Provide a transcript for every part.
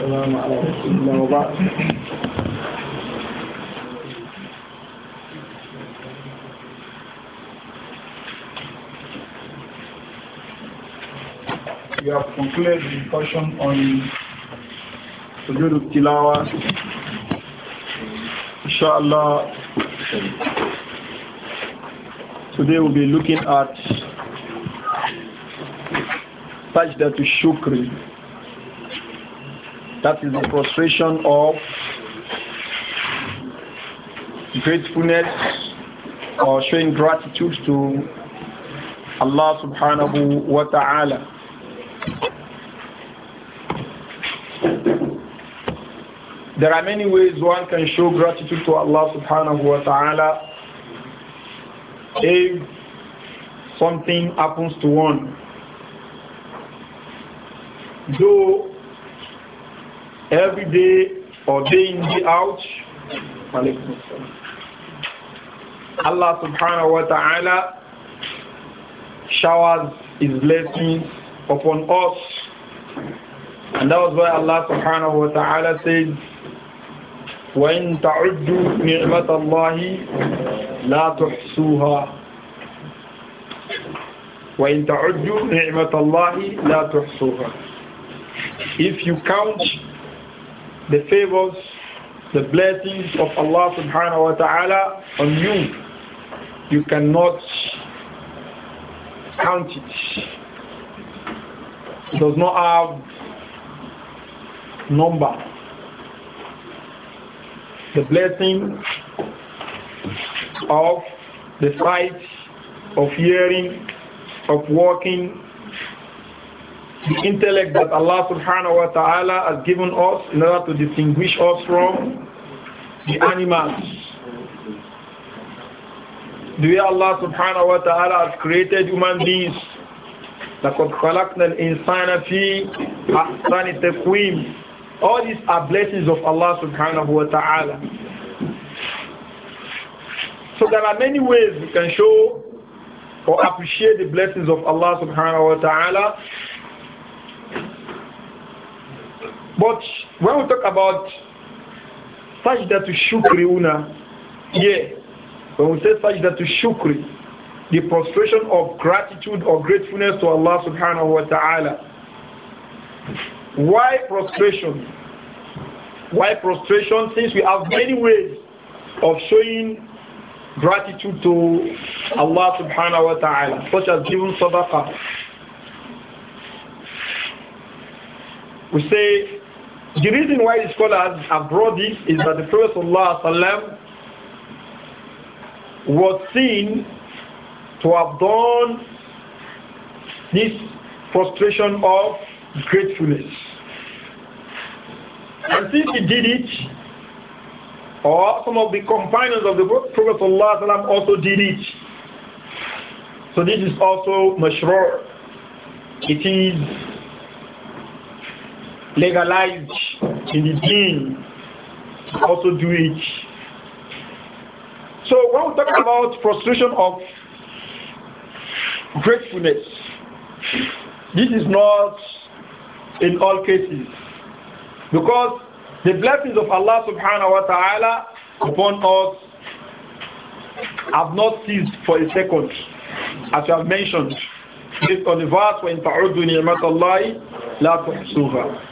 السلام على رسول الله وبعد We have concluded the discussion on Sujud Tilawa. Inshallah, today we'll be looking at page that is Shukri. That is the frustration of gratefulness or showing gratitude to Allah subhanahu wa ta'ala. There are many ways one can show gratitude to Allah subhanahu wa ta'ala if something happens to one. Though every day or day in, day out. Allah subhanahu wa ta'ala showers his blessings upon us. And that was why Allah subhanahu wa ta'ala said, وَإِن تَعُدُّوا نِعْمَةَ اللَّهِ لَا تُحْصُوهَا وَإِن تَعُدُّوا نِعْمَةَ اللَّهِ لَا تُحْصُوهَا If you count the favors, the blessings of Allah subhanahu wa ta'ala on you. You cannot count it. It does not have number. The blessing of the sight, of hearing, of walking, the intellect that Allah subhanahu wa ta'ala has given us in order to distinguish us from the animals. The way Allah subhanahu wa ta'ala has created human beings. لَقَدْ خَلَقْنَا الْإِنسَانَ فِي أَحْسَنِ تَقْوِيمٍ All these are blessings of Allah subhanahu wa ta'ala. So there are many ways we can show or appreciate the blessings of Allah subhanahu wa ta'ala but when we talk about sajdatu shukri una, yeah, when we say to shukri, the prostration of gratitude or gratefulness to Allah subhanahu wa ta'ala. Why prostration? Why prostration? Since we have many ways of showing gratitude to Allah subhanahu wa ta'ala, such as giving sadaqah. We say the reason why the scholars have brought this is that the Prophet ﷺ was seen to have done this prostration of gratefulness. And since he did it, or some of the companions of the Prophet ﷺ also did it. So this is also mashrur. It is legalized in the deen also do it. So when we talk about frustration of gratefulness, this is not in all cases because the blessings of Allah subhanahu wa ta'ala upon us have not ceased for a second, as I have mentioned, based on the verse when ta'udu ni'matallahi la tuhsuha.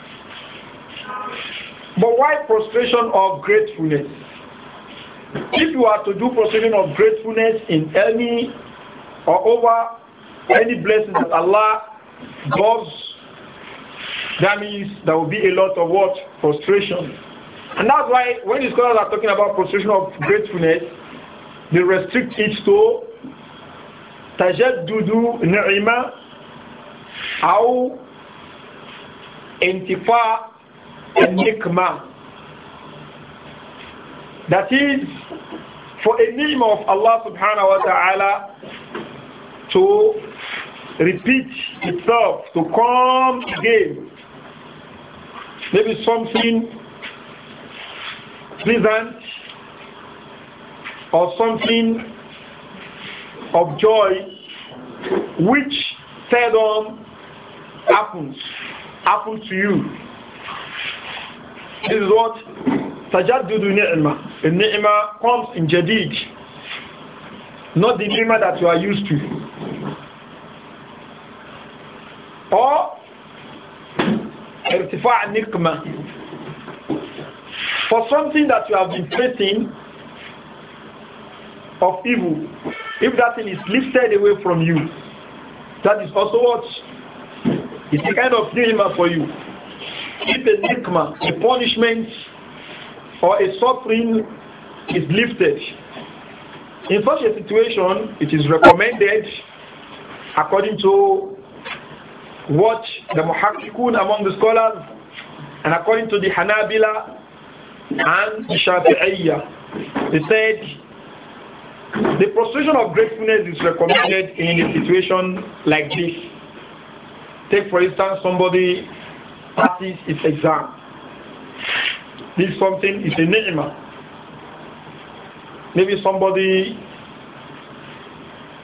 But why prostration of gratefulness? If you are to do prostration of gratefulness in any or over any blessing that Allah does, that means there will be a lot of what? Frustration. And that's why when the scholars are talking about prostration of gratefulness, they restrict it to al-dudu ni'ma أو انتفاع and That is for a name of Allah subhanahu wa ta'ala to repeat itself, to come again. Maybe something pleasant or something of joy which seldom happens, happens to you this is what Tajaddudu Ni'mah. The Ni'mah comes in Jadid, not the Ni'mah that you are used to. Or Irtifa' Nikmah. For something that you have been facing of evil, if that thing is lifted away from you, that is also what is a kind of ni'mah for you if a nikma, a punishment or a suffering is lifted, in such a situation, it is recommended according to what the muhakkikun among the scholars and according to the Hanabila and the Shafi'iyya. They said the procession of gratefulness is recommended in a situation like this. Take for instance somebody passes his exam. This something is a ni'mah. Maybe somebody,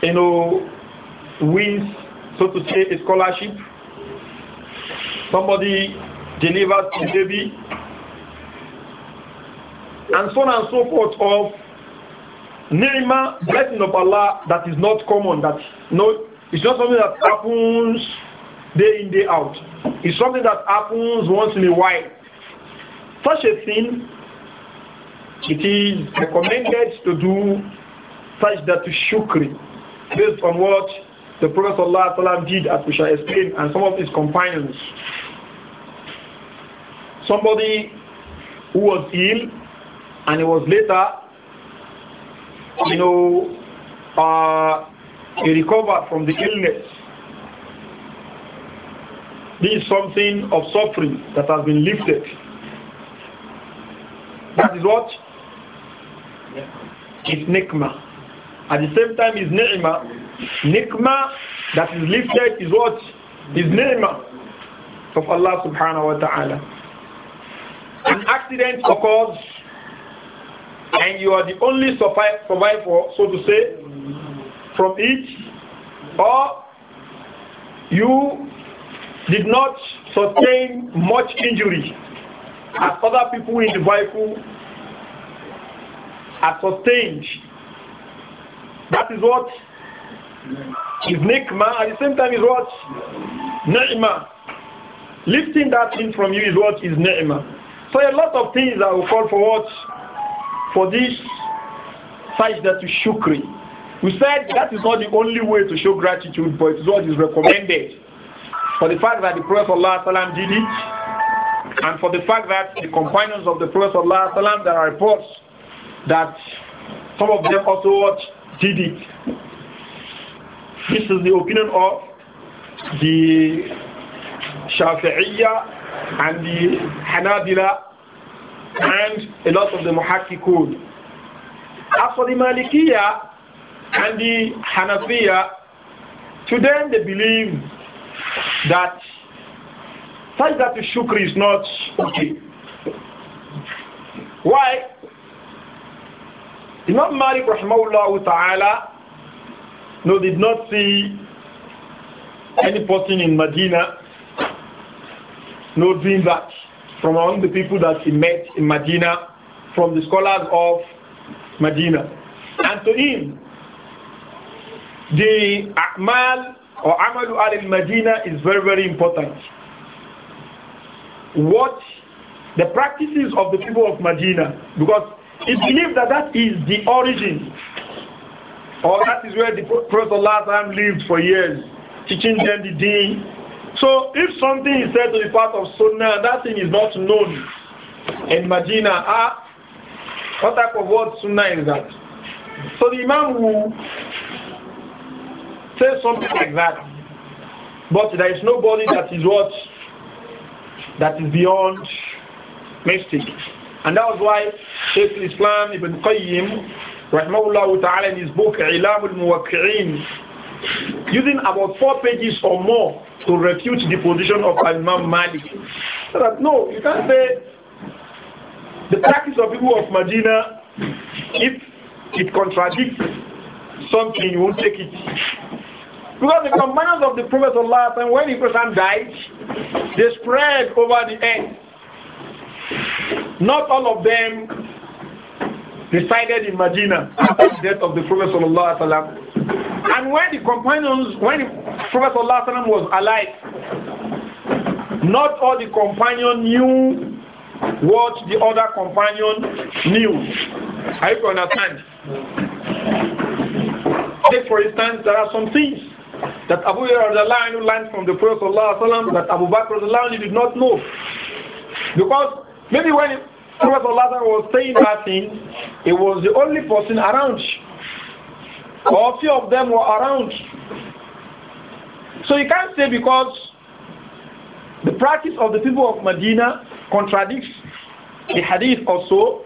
you know, wins, so to say, a scholarship. Somebody delivers a baby. And so on and so forth of ni'mah, blessing of Allah that is not common, that no, it's not something that happens day in, day out. It's something that happens once in a while. Such a thing, it is recommended to do such that to shukri, based on what the Prophet ﷺ did, as we shall explain, and some of his companions. Somebody who was ill, and he was later, you know, uh, he recovered from the illness. This is something of suffering that has been lifted. That is what? It's nikma. At the same time, is ni'ma. Nikma that is lifted is what? Is ni'ma of Allah subhanahu wa ta'ala. An accident occurs and you are the only survivor, so to say, from it, or you did not sustain much injury as other people in the vehicle are sustained. That is what is nikma. At the same time is what? Ni'ma. Lifting that thing from you is what is ni'ma. So a lot of things I will call for what? For this sajda to shukri. We said that is not the only way to show gratitude, but it's what is recommended for the fact that the Prophet ﷺ did it, and for the fact that the companions of the Prophet ﷺ, there are reports that some of them also did it. This is the opinion of the Shafi'iyya and the Hanabila and a lot of the Muhakkikun. As for the Malikiyya and the Hanafiya, to them they believe that such that the shukri is not okay. Why? Imam Malik rahmahullah ta'ala no, did not see any person in Medina no doing that from among the people that he met in Medina from the scholars of Medina. And to him, the A'mal or Amalu al-Madina is very, very important. What the practices of the people of Medina, because it's believed that that is the origin, or that is where the Prophet Allah lived for years, teaching them the deen. So if something is said to be part of Sunnah, that thing is not known in Medina, ah, what type of word Sunnah is that? So the Imam who Say something like that. But there is nobody that is what? That is beyond mystic. And that was why Sheikh Islam Ibn Qayyim, Rahmahullah Ta'ala, in his book, Ilam al using about four pages or more to refute the position of Imam Malik. So that no, you can't say the practice of people of Medina, if it contradicts something, you won't take it. Because the companions of the Prophet Allah, and when the Prophet died, they spread over the earth. Not all of them resided in Medina after the death of the Prophet Sallallahu And when the companions, when the Prophet Sallallahu was alive, not all the companions knew what the other companion knew. I you understand? Take for instance, there are some things that Abu Hurairah learned from the Prophet ﷺ that Abu Bakr did not know. Because maybe when the Prophet was saying that thing, he was the only person around. Or few of them were around. So you can't say because the practice of the people of Medina contradicts the hadith also,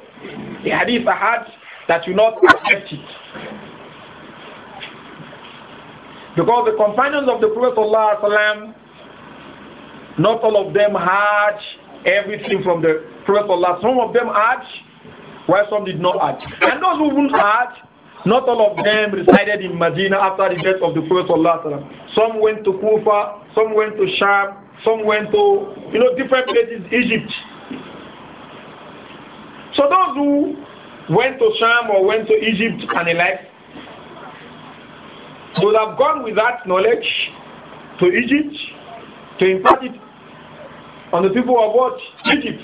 the hadith had that you not accept it. Because the companions of the Prophet ﷺ, not all of them had everything from the Prophet ﷺ. Some of them had, while some did not had. And those who wouldn't had, not all of them resided in Medina after the death of the Prophet ﷺ. Some went to Kufa, some went to Sham, some went to, you know, different places, Egypt. So those who went to Sham or went to Egypt and the like, he would have gone with that knowledge to Egypt to impart it on the people of what? Egypt.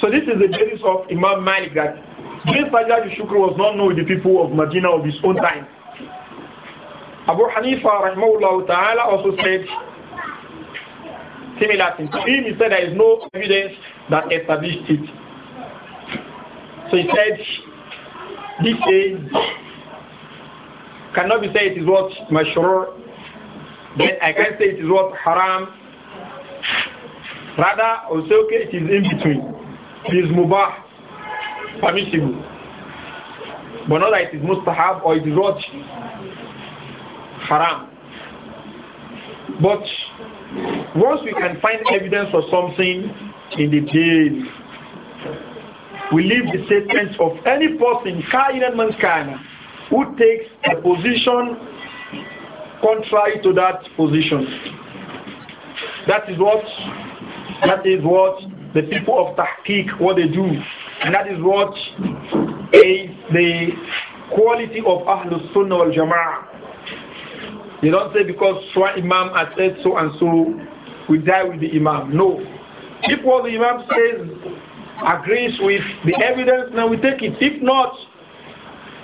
So this is the basis of Imam Malik that Ibn Sajjad Shukr was not known with the people of Medina of his own time. Abu Hanifa ta'ala also said similar thing. To him he said there is no evidence that established it. So he said this is cannot be said it is what mashrur. Then I can say it is what haram. Rather, also okay, it is in between. It is mubah, permissible. But not that it is mustahab or it is what haram. But once we can find evidence of something in the deen, we leave the statements of any person, kainan man kana, who takes a position contrary to that position. That is what that is what the people of Tahqiq what they do. And that is what is the quality of Ahlul Sunnah wal Jama'ah. They don't say because one Imam has said so and so, we die with the Imam. No. If what the Imam says agrees with the evidence, then we take it. If not,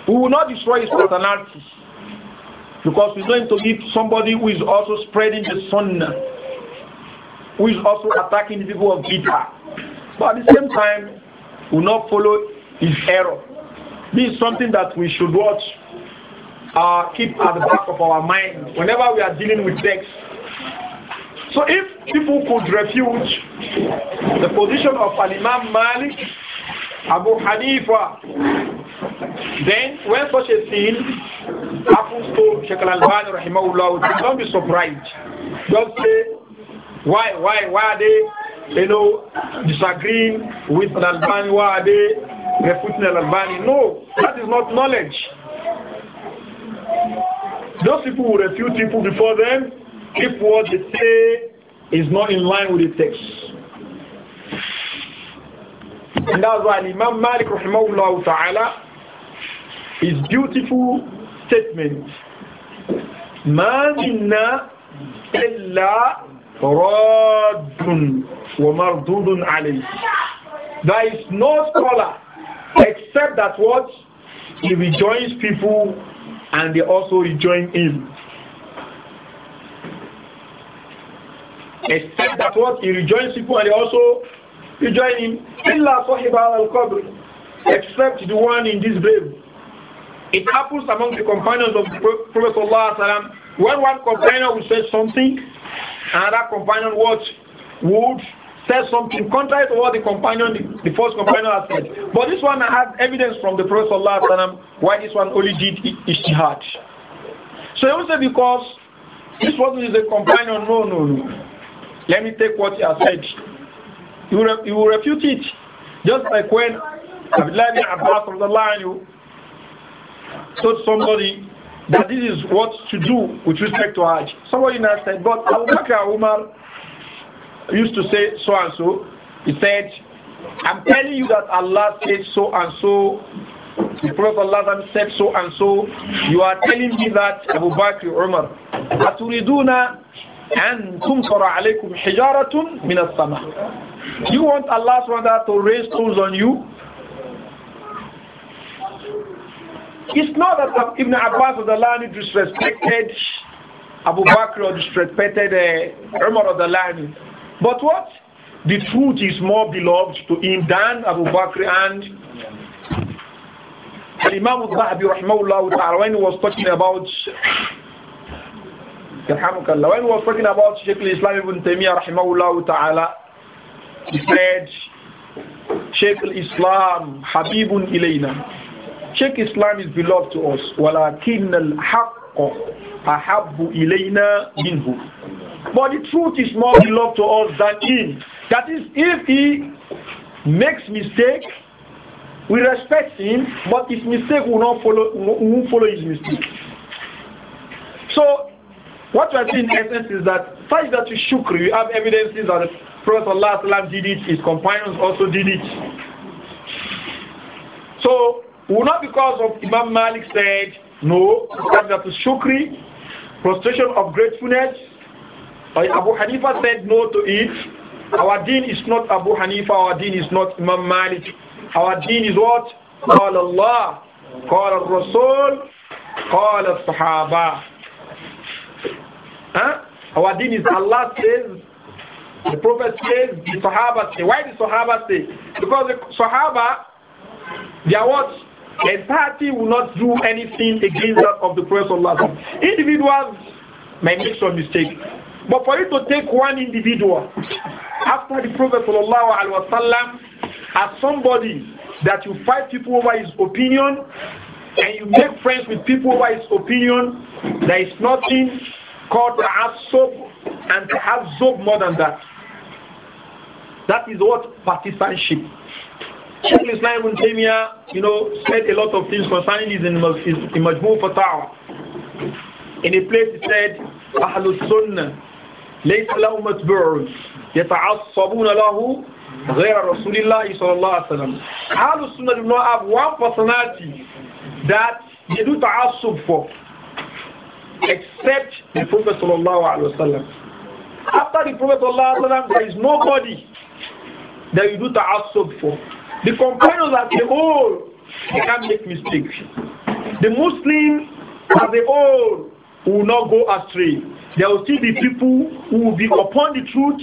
we will not destroy his personality because we are going to meet somebody who is also spreading the sunnah, who is also attacking the people of Gita. But at the same time, we will not follow his error. This is something that we should watch, uh, keep at the back of our mind whenever we are dealing with texts. So if people could refute the position of Al-Imam Malik, Abu Hanifa, then, when such a thing happens to Sheikh Al-Albani, rahimahullah, don't be surprised. Don't say, why, why, why are they, you know, disagreeing with Al-Albani? Why are they refuting Al-Albani? No, that is not knowledge. Those people will refute people before them if what they say is not in line with the text. And that's why Imam Malik, rahimahullah ta'ala, his beautiful statement ما منا إلا راد ومردود Ali. There is no scholar except that what he rejoins people and they also rejoin him. Except that what he rejoins people and they also rejoin him. إلا Al Qabr, except the one in this grave. It happens among the companions of the Prophet ﷺ when one companion will say something, another companion what would say something contrary to what the companion, the first companion has said. But this one had evidence from the Prophet ﷺ why this one only did ishtihad. So he will say because this one is a companion, no, no, no. Let me take what he has said. You will, you will refute it. Just like when Abdullah bin Abbas told somebody that this is what to do with respect to Hajj. Somebody now said, but Abu Bakr Umar used to say so and so. He said, I'm telling you that Allah said so and so. The Prophet Allah said so and so. You are telling me that Abu Bakr Umar. أتريدون أن تمطر عليكم حجارة من السماء. You want Allah to raise stones on you? It's not that Ibn Abbas of the Lani disrespected Abu Bakr or disrespected uh, Umar of the Lani. But what? The truth is more beloved to him than Abu Bakr and Imam al-Zahabi rahmahullah when he was talking about Yarhamukallah. When he was talking about Sheikh al-Islam ibn Taymiyyah ta'ala, he said, Sheikh al-Islam, Habibun ilayna. Sheikh Islam is beloved to us. وَلَكِنَّ الْحَقَّ أَحَبُّ إِلَيْنَا مِنْهُ But the truth is more beloved to us than him. That is, if he makes mistake, we respect him, but his mistake will not follow, will follow his mistake. So, what we are seeing in essence is that such that you shukri, we have evidences that the Prophet Allah did it, his companions also did it. So, well, not because of Imam Malik said, no, because that is shukri, prostration of gratefulness. Abu Hanifa said no to it. Our deen is not Abu Hanifa, our deen is not Imam Malik. Our deen is what? call Allah, قال Rasul, قال الصحابة. Huh? Our deen is Allah says, the Prophet says, the Sahaba say. Why the Sahaba say? Because the Sahaba, they are what? The party will not do anything against that of the Prophet Sallallahu Individuals may make some mistake, but for you to take one individual after the Prophet Sallallahu Alaihi Wasallam as somebody that you fight people over his opinion and you make friends with people over his opinion, there is nothing called soap and soap more than that. That is what partisanship Sheikh Islam ibn Taymiyyah, you know, said a lot of things concerning this in, in Majmu Fatah. In a place he said, أهل السنة ليس له متبع يتعصبون له غير رسول الله صلى الله عليه وسلم. أهل السنة do not have one personality that they do تعصب for except the Prophet sallallahu alaihi wasallam. After the Prophet sallallahu alaihi wasallam, there is nobody that you do ta'assub for. The companions as a whole, they can't make mistakes. The Muslims as a whole will not go astray. There will still be people who will be upon the truth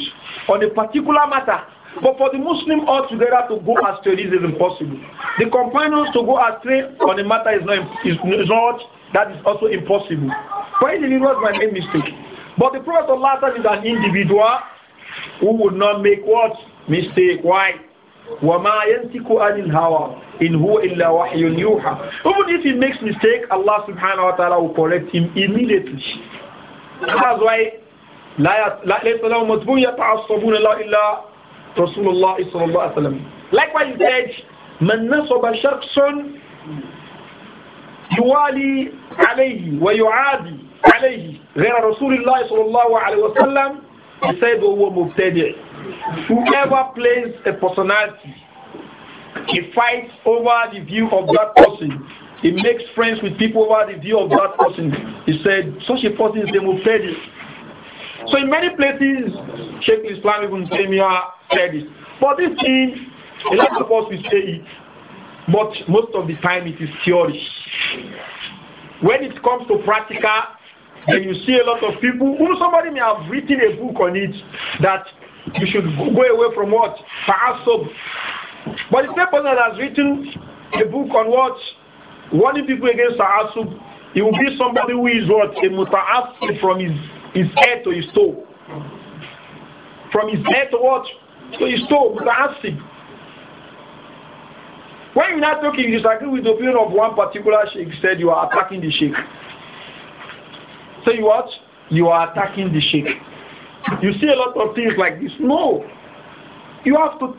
on a particular matter. But for the Muslim altogether to go astray, this is impossible. The companions to go astray on a matter is not, is not that is also impossible. For individuals might make mistake. But the Prophet Allah is an individual who would not make what? Mistake. Why? وَمَا يَنْتِكُ عن الْهَوَى إِنْ هُوَ إِلَّا وَحْيٌ يُوحَى Even if he makes mistake, Allah subhanahu wa ta'ala will correct him immediately. That's why لا ليس له متبوع يتعصبون لا إلا رسول الله صلى الله عليه وسلم. Likewise he said, من نصب شخص يوالي عليه ويعادي عليه غير رسول الله صلى الله عليه وسلم يسيد هو مبتدع Whoever plays a personality, he fights over the view of that person. He makes friends with people over the view of that person. He said, such a person is democratic. So in many places, Sheikh Islam Ibn Taymiyyah said this. But this thing, a lot of us will say it, but most of the time it is theory. When it comes to practical, then you see a lot of people who somebody may have written a book on it that you should go away from what? Ta'asub. But the same person that has written a book on what? Warning people against Ta'asub. He will be somebody who is what? A muta'asib from his, his head to his toe. From his head to what? To his toe, muta'asib. When you're not talking, you disagree with the opinion of one particular sheikh, said you are attacking the sheikh. So you what? You are attacking the sheikh. You see a lot of things like this. No. You have to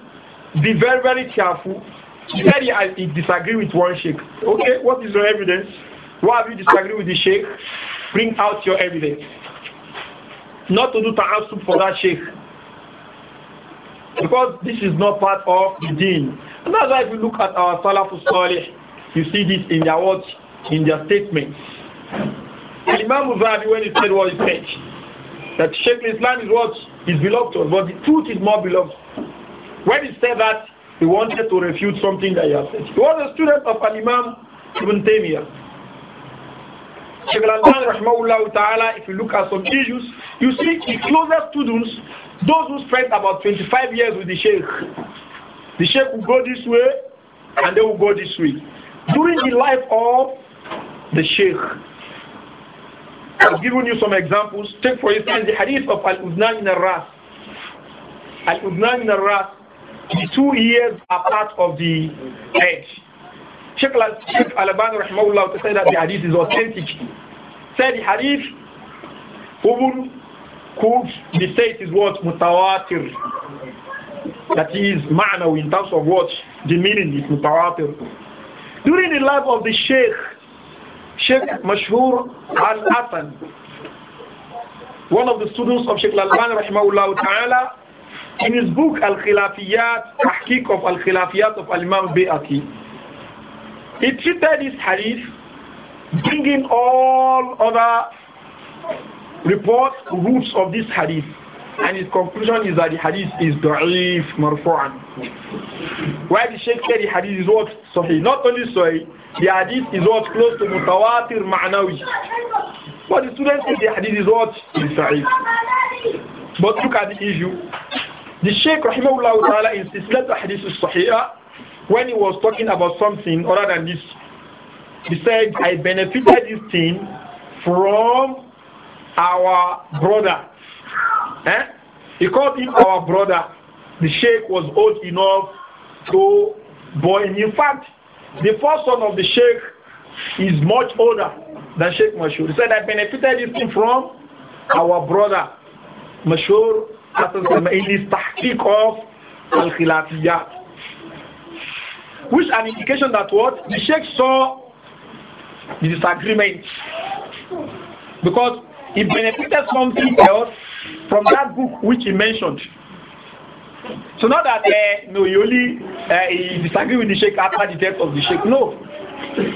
be very, very careful. He I I disagree with one sheikh. Okay, what is your evidence? Why have you disagreed with the sheikh? Bring out your evidence. Not to do ta'asub for that sheikh. Because this is not part of the deen. And that's why if you look at our Salafus Salih, you see this in their words, in their statements. And Imam Muzabi, when he said what he said, that Sheikh Islam is what is beloved to us, but the truth is more beloved. When he said that, he wanted to refute something that he has said. He was a student of an Imam Ibn Taymiyyah. Sheikh Al-Albani rahmahullah ta'ala, if you look at some issues, you see the closest students, those who spent about 25 years with the Sheikh. The Sheikh will go this way, and they will go this way. During the life of the Sheikh, I've given you some examples. Take for instance the hadith of Al-Udnan in Ar-Ras. Al-Udnan in Ar-Ras, the two ears are part of the edge. Sheikh Al-Albani rahimahullah to say that the hadith is authentic. Said the hadith, Ubun could be said is what? Mutawatir. That is ma'na in terms of what? The meaning is mutawatir. During the life of the Sheikh, Sheikh Mashhur Al-Atan, one of the students of Sheikh Al-Albani rahimahullah ta'ala, in his book Al-Khilafiyat, Tahqiq of Al-Khilafiyat of Al-Imam Bayati, he treated this hadith, bringing all other reports, roots of this hadith, and his conclusion is that the hadith is da'if marfu'an. Why the Sheikh said the hadith is what? Sahih. Not only Sahih, the hadith is what? Close to Mutawatir Ma'nawi. But the students say the hadith is what? Sahih. But look at the issue. The Sheikh Rahimahullah Ta'ala in Sislat Hadith Sahih, when he was talking about something other than this, he said, I benefited this thing from our brother. Eh? He called him our brother the sheikh was old enough to born. In fact, the first son of the sheikh is much older than Sheikh Mashur. He said, I benefited this thing from our brother Mashur in his tahqiq of Al-Khilafiyah. Which an indication that what? The sheikh saw the disagreement. Because he benefited something else from that book which he mentioned. So not that uh, no, only uh, eh, you disagree with the sheikh after the death of the sheikh. No.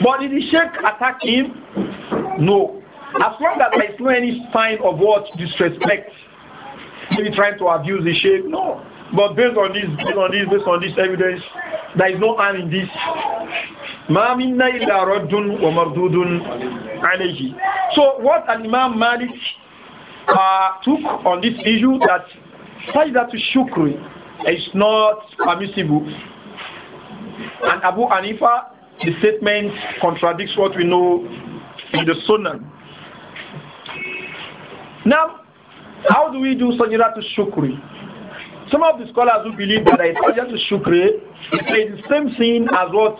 But did the sheikh attack him? No. As long as there is no any sign of what disrespect, maybe trying to abuse the sheikh. No. But based on this, based on this, based on this evidence, there is no harm in this. So what an Imam Malik uh, took on this issue that Sajda that Shukri it's not permissible. And Abu Anifa' the statement contradicts what we know in the Sunnah. Now, how do we do sajda to shukri? Some of the scholars who believe that sajda to shukri is the same thing as what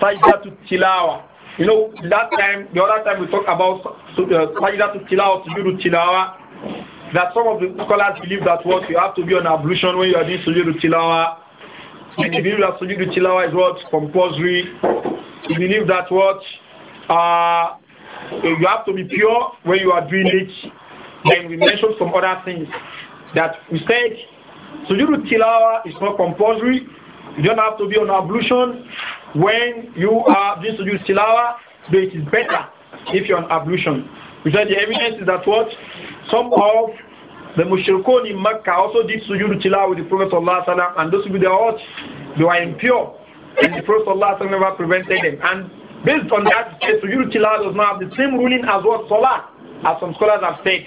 sajda to tilawa. You know, that time, the other time we talked about uh, sajda to tilawa, sujood tilawa that some of the scholars believe that what you have to be on ablution when you are doing sujood tilawa. And they believe that sujood tilawa is what compulsory. They believe that what uh, you have to be pure when you are doing it. Then we mentioned some other things that we said sujood tilawa is not compulsory. You don't have to be on ablution when you are doing sujood tilawa, but it is better if you're on ablution. We said the evidence is that what some of the mushrikun in Mecca also did sujood tilawa with the Prophet sallallahu and those with they were, they were impure, and the Prophet sallallahu never prevented them. And based on that, sujood tilawa does not have the same ruling as what salah, as some scholars have said.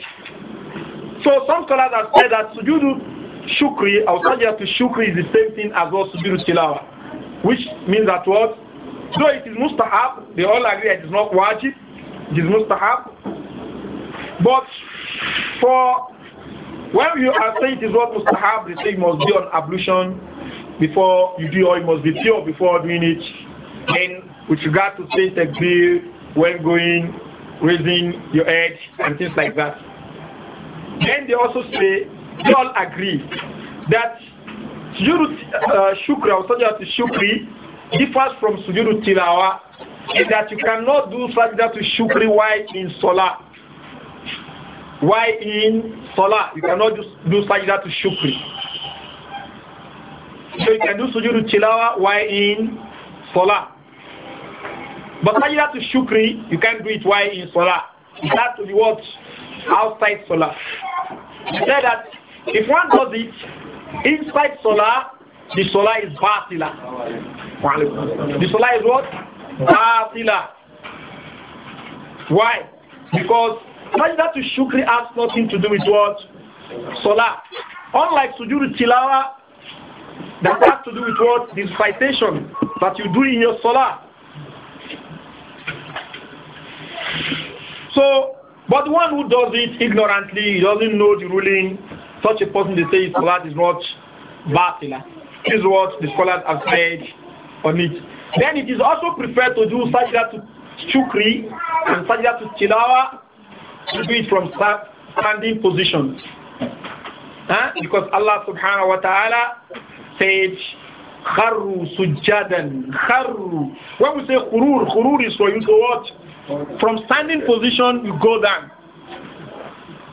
So some scholars have said that sujood shukri, to shukri is the same thing as what sujood tilawa, which means that what, though it is mustahab, they all agree it is not wajib, it is mustahab, but for when you are saying it is what must they say it must be on ablution before you do, or it must be pure before doing it. Then, with regard to say takbir, when going, raising your head, and things like that. Then they also say, they all agree that uh, shukri or sajda to shukri differs from sujood tilawa in that you cannot do sajda to shukri while in salah why in Salah, you cannot do, do sajda to shukri. So you can do sujud to tilawa, why in Salah. But sajda to shukri, you can't do it why in Salah. That to be what? Outside Salah. He said that if one does it inside Salah, the Salah is batila. The Salah is what? Batila. Why? Because that to shukri has nothing to do with what? Salah. Unlike sujood tilawa, that has to do with what? This citation that you do in your salah. So, but the one who does it ignorantly, he doesn't know the ruling, such a person they say his salah is not batila. This is what the scholars have said on it. Then it is also preferred to do sajda to shukri and sajda to tilawa to do it from standing position. Huh? Because Allah subhanahu wa ta'ala said, Kharru sujadan, kharru. When we say khurur, khurur is for you to what? From standing position, you go down.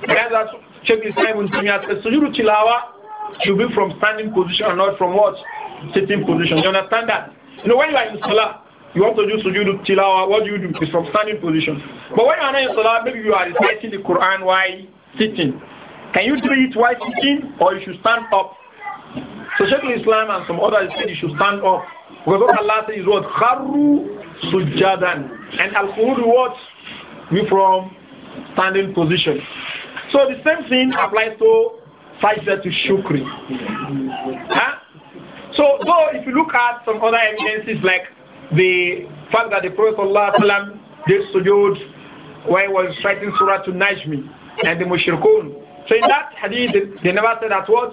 That's what Sheikh Islam Ibn should be from standing position and not from what? Sitting position. You understand that? You know, when you are in salah, you want to do sujood tilawa, what do you do? It's from standing position. But when you are in salah, maybe you are reciting the Quran while sitting. Can you do it while sitting or you should stand up? So Sheikh Islam and some others said you should stand up. Because what Allah says is what? Kharru sujadan. And Al-Qurud what? We from standing position. So the same thing applies to Sajda to Shukri. Huh? So if you look at some other evidences like the fact that the Prophet ﷺ did sujood when he was writing Surah to Najmi and the Mushrikun. So in that hadith, they never said that what?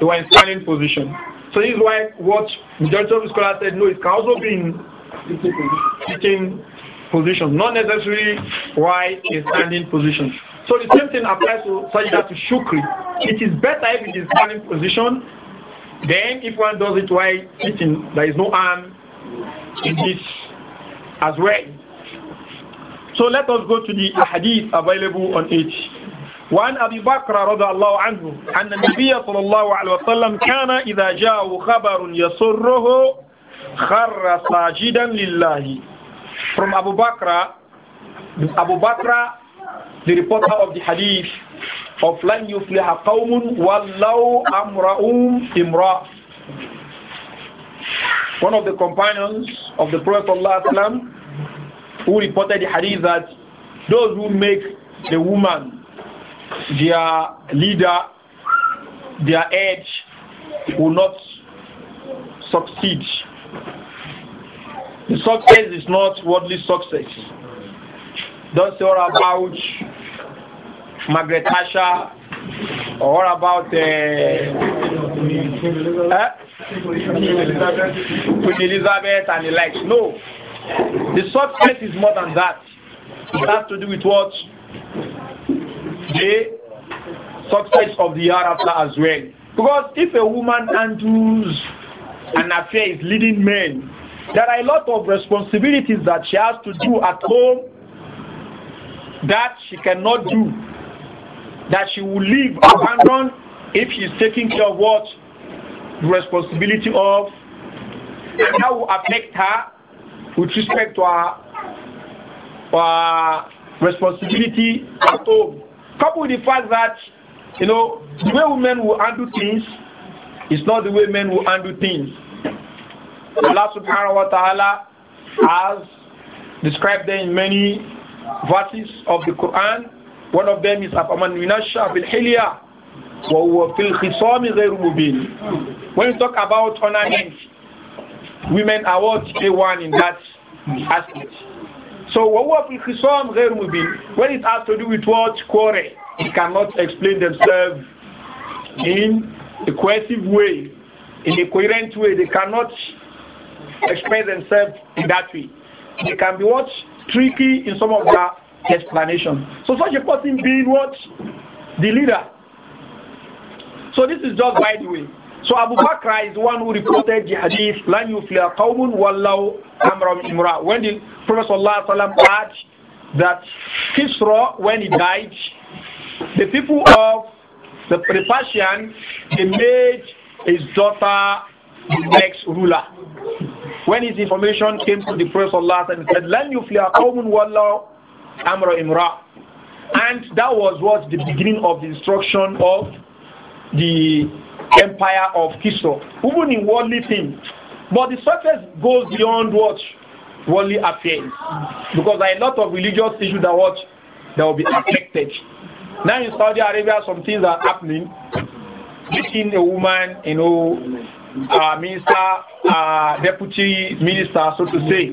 They were in standing position. So this is why what majority of scholars said, no, it can also be in sitting position, not necessarily why a standing position. So the same thing applies to sajda to shukri. It is better if it is standing position than if one does it while sitting. There is no harm in this as well. So let us go to the hadith available on it. وعن أبي بكر رضي الله عنه أن النبي صلى الله عليه وسلم كان إذا جاءه خبر يسره خر ساجدا لله from Abu Bakr Abu Bakr the reporter of the hadith of لن يفلح قوم ولو أمرؤهم امرأ one of the companions of the Prophet ﷺ who reported the hadith that those who make the woman their leader, their edge will not succeed. The success is not worldly success. Don't say about Margaret Thatcher or about uh, eh? Queen uh, Elizabeth and the likes. No. The subject is more than that. It has to do with what? The success of the hereafter as well. Because if a woman handles an affair is leading men, there are a lot of responsibilities that she has to do at home that she cannot do that she will leave abandoned if she's taking care of what the responsibility of and that will affect her with respect to her, her responsibility at home. Coupled with the fact that you know the way women will handle things is not the way men will handle things. Allah subhanahu wa ta'ala has described them in many verses of the Quran one of them is Afaman Minasha Bil When we talk about ornament, women are what they want in that aspect. So wa Fil when it has to do with what quarrel, they cannot explain themselves in a cohesive way, in a coherent way. They cannot express themselves in that way. They can be what tricky in some of their explanation. So such a person being what? The leader. So this is just by the way. So Abu Bakr is the one who reported the hadith, When the Prophet ﷺ said that Kisra, when he died, the people of the, the Persian, they made his daughter the next ruler. When his information came to the Prophet ﷺ, he said, لَنْ يُفْلِيَ قَوْمٌ وَاللَّهُ Amra Imra. And that was what the beginning of the destruction of the empire of Kisra, even in worldly things. But the success goes beyond what worldly affairs, because there are a lot of religious issues that what that will be affected. Now in Saudi Arabia, some things are happening. Meeting a woman, you know, uh, minister, uh, deputy minister, so to say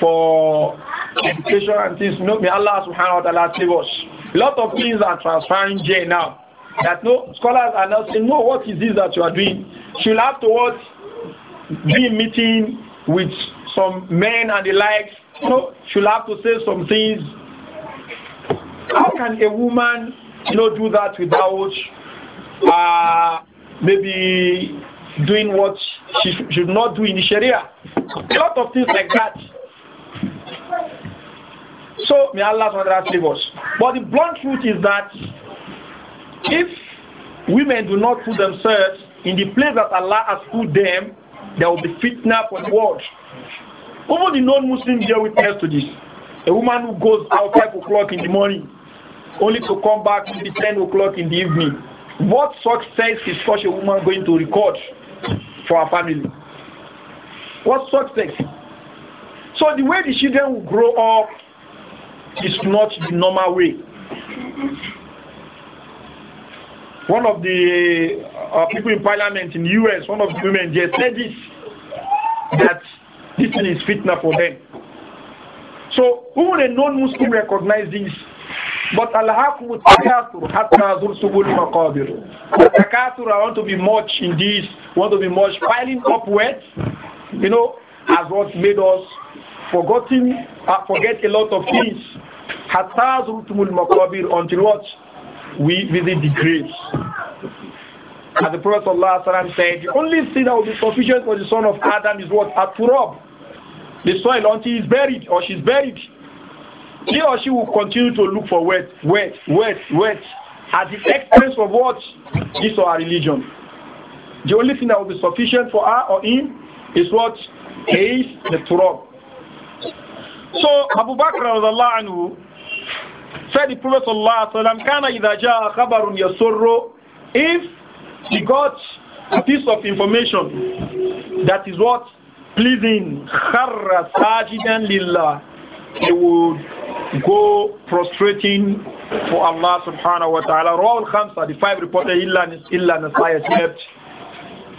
for education and things. No, may Allah subhanahu wa ta'ala save us. A lot of things are transferring J now. That no scholars are now saying, no, what is this that you are doing? She'll have what be meeting with some men and the likes. You know, she'll have to say some things. How can a woman, you know, do that without uh, maybe doing what she should not do in the Sharia? A lot of things like that. So may Allah SWT save us. But the blunt truth is that if women do not put themselves in the place that Allah has put them, there will be fitna for the world. Even the non-Muslims bear witness to this. A woman who goes out 5 o'clock in the morning only to come back maybe 10 o'clock in the evening. What success is such a woman going to record for her family? What success? So the way the children will grow up is not the normal way. One of the uh, people in parliament in the US, one of the women, they said this, that this thing is fitna for them. So even a non-Muslim recognize this. But Alhakum takathur hatta zulsubul maqabir. Takathur, I want to be much in this, want to be much piling upwards, you know, as what made us forgotten, uh, forget a lot of things. until what? We visit the graves. As the Prophet ﷺ said, the only thing that will be sufficient for the son of Adam is what? Aturab. The soil until he is buried or she's buried. He or she will continue to look for wet, wet, wet, wet. At the expense of what? This or our religion. The only thing that will be sufficient for her or him is what? Is the turab. So Abu Bakr anhu said the Prophet kana idha khabarun yasurru if he got a piece of information that is what pleasing kharra sajidan lillah he would go prostrating for Allah subhanahu wa ta'ala. Rawal Khamsa, the five reported illa, illa Nasai except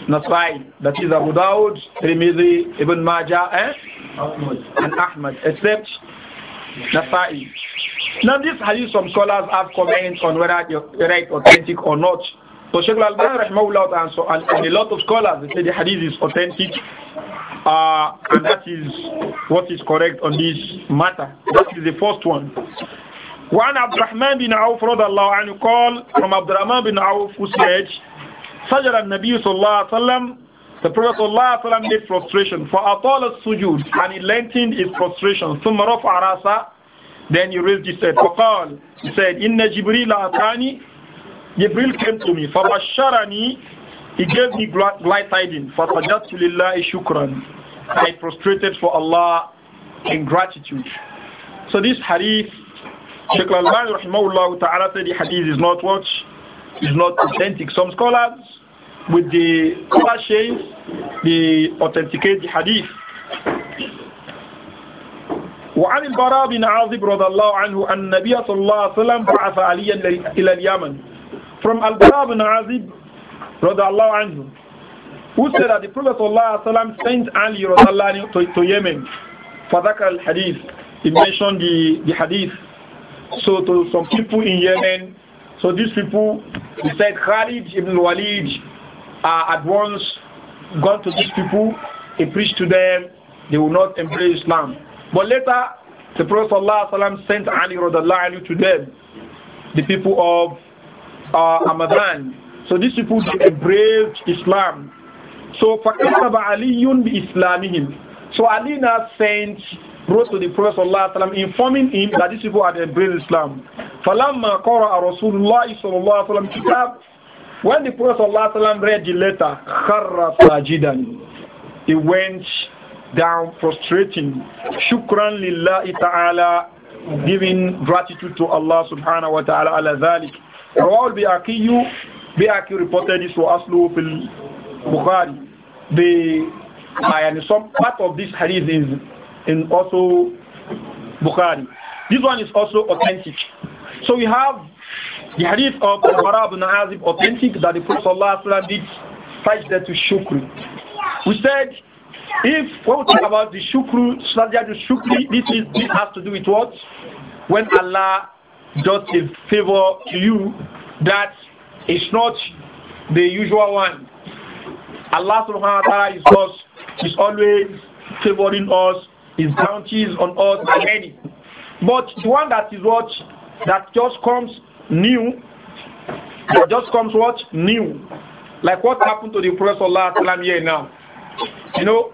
Nasai, that is Abu Dawud, Tirmidhi, Ibn Majah, eh? and Ahmad, except Nasai. Now this hadith, some scholars have comments on whether it's authentic or not. So Sheikh Al-Albani, rahmahullah, and, so, and, and a lot of scholars, they say the hadith is authentic, uh, and that is what is correct on this matter. That is the first one. وعن عبد الرحمن بن عوف رضي الله عنه قال from عبد الرحمن بن عوف who said Sajad al-Nabi sallallahu alaihi wasallam, the Prophet sallallahu alaihi wasallam did prostration. For atala sujud, and he lengthened his prostration. ثم رفع رأسه, then he raised his head. فقال, he said, "Inna Jibril أَتَانِي Jibril came to me. فَبَشَّرَنِي He gave me glad tidings. فَسَجَدْتُ لِلَّهِ شُكْرًا I prostrated for Allah in gratitude. So this hadith, Sheikh Al-Albani rahimahullah ta'ala said the hadith is not what? Is not authentic. Some scholars with the other sheikhs, they authenticate the hadith. وعن البراء بن عازب رضي الله عنه أن النبي صلى الله عليه وسلم بعث عليا إلى اليمن from البراء بن عازب رضي الله عنه who said that the Prophet صلى الله عليه وسلم sent Ali رضي الله عنه to, to Yemen فذكر الحديث he mentioned the, the hadith so to some people in Yemen so these people he said Khalid ibn Walid uh, at once gone to these people, he preached to them, they will not embrace Islam. But later, the Prophet ﷺ sent Ali radiallahu to them, the people of uh, Amadan. So these people embraced Islam. So فَكَتَبَ عَلِيٌّ بِإِسْلَامِهِمْ So Ali now sent, wrote to the Prophet ﷺ, informing him that these people had embraced Islam. فَلَمَّا قَرَأَ رَسُولُ اللَّهِ صَلَّى اللَّهُ عَلَيْهِ وَسَلَّمْ كِتَابٍ when the Prophet ﷺ read the letter, Kharra Sajidan, he went down prostrating, Shukran lillahi ta'ala, giving gratitude to Allah subhanahu wa ta'ala ala dhalik. Rawal bi'akiyu, bi'aki reported this was Aslu fil Bukhari. The, and some part of this hadith is in also Bukhari. This one is also authentic. So we have the hadith of Bara ibn Azib authentic that the Prophet did that to shukri. We said if when we talk about the shukru, sajda shukri, this, is, this has to do with what? When Allah does a favor to you that is not the usual one. Allah subhanahu wa ta'ala is, us, is always favoring us, his bounties on us and many. But the one that is what that just comes new. It just comes what? New. Like what happened to the Prophet Sallallahu here now. You know,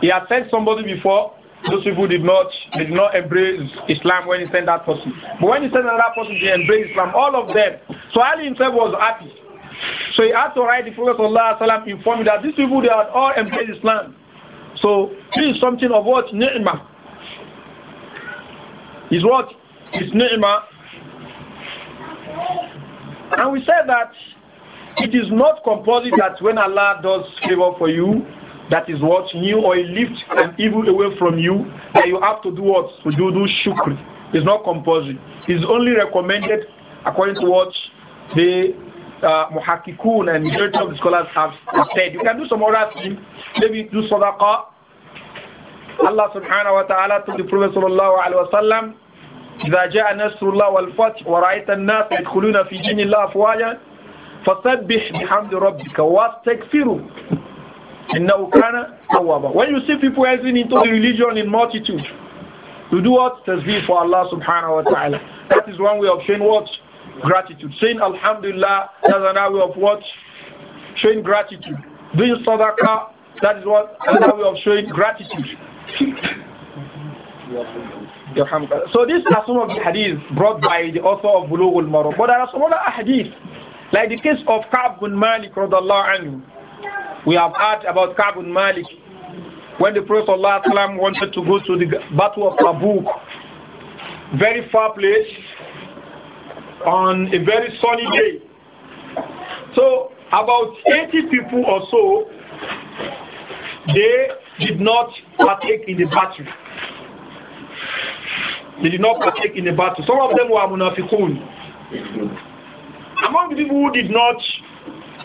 he had sent somebody before. Those people did not did not embrace Islam when he sent that person. But when he sent another person, they embraced Islam. All of them. So Ali himself was happy. So he had to write the Prophet Allah inform that these people they had all embraced Islam. So this is something of what ni'mah. Is what is ni'mah and we said that it is not compulsory that when Allah does favor for you, that is what new or he lifts an evil away from you, that you have to do what? To do, do shukr. It's not compulsory. It's only recommended according to what the uh, muhakkikun and majority of the scholars have said. You can do some other thing, maybe do sadaqah. Allah subhanahu wa ta'ala to the Prophet sallallahu alaihi wasallam إذا جاء نصر الله والفتح ورأيت الناس يدخلون في دين الله أفواجا فسبح بحمد ربك واستغفره إنه كان توابا When you see people entering into the religion in multitude, to do what? Tasbih for Allah subhanahu wa ta'ala. That is one way of showing what? Gratitude. Saying Alhamdulillah, that's another way of what? Showing gratitude. Doing sadaqah, that is what? Another way of showing gratitude. So these are some of the hadiths brought by the author of Bulugh al But there are some other hadiths, like the case of Ka'b bin Malik anhu. We have heard about Ka'b bin Malik when the Prophet Allah wanted to go to the Battle of Tabuk, very far place, on a very sunny day. So about 80 people or so, they did not partake in the battle. They did not partake in the battle. Some of them were munafikun. Among the people who did not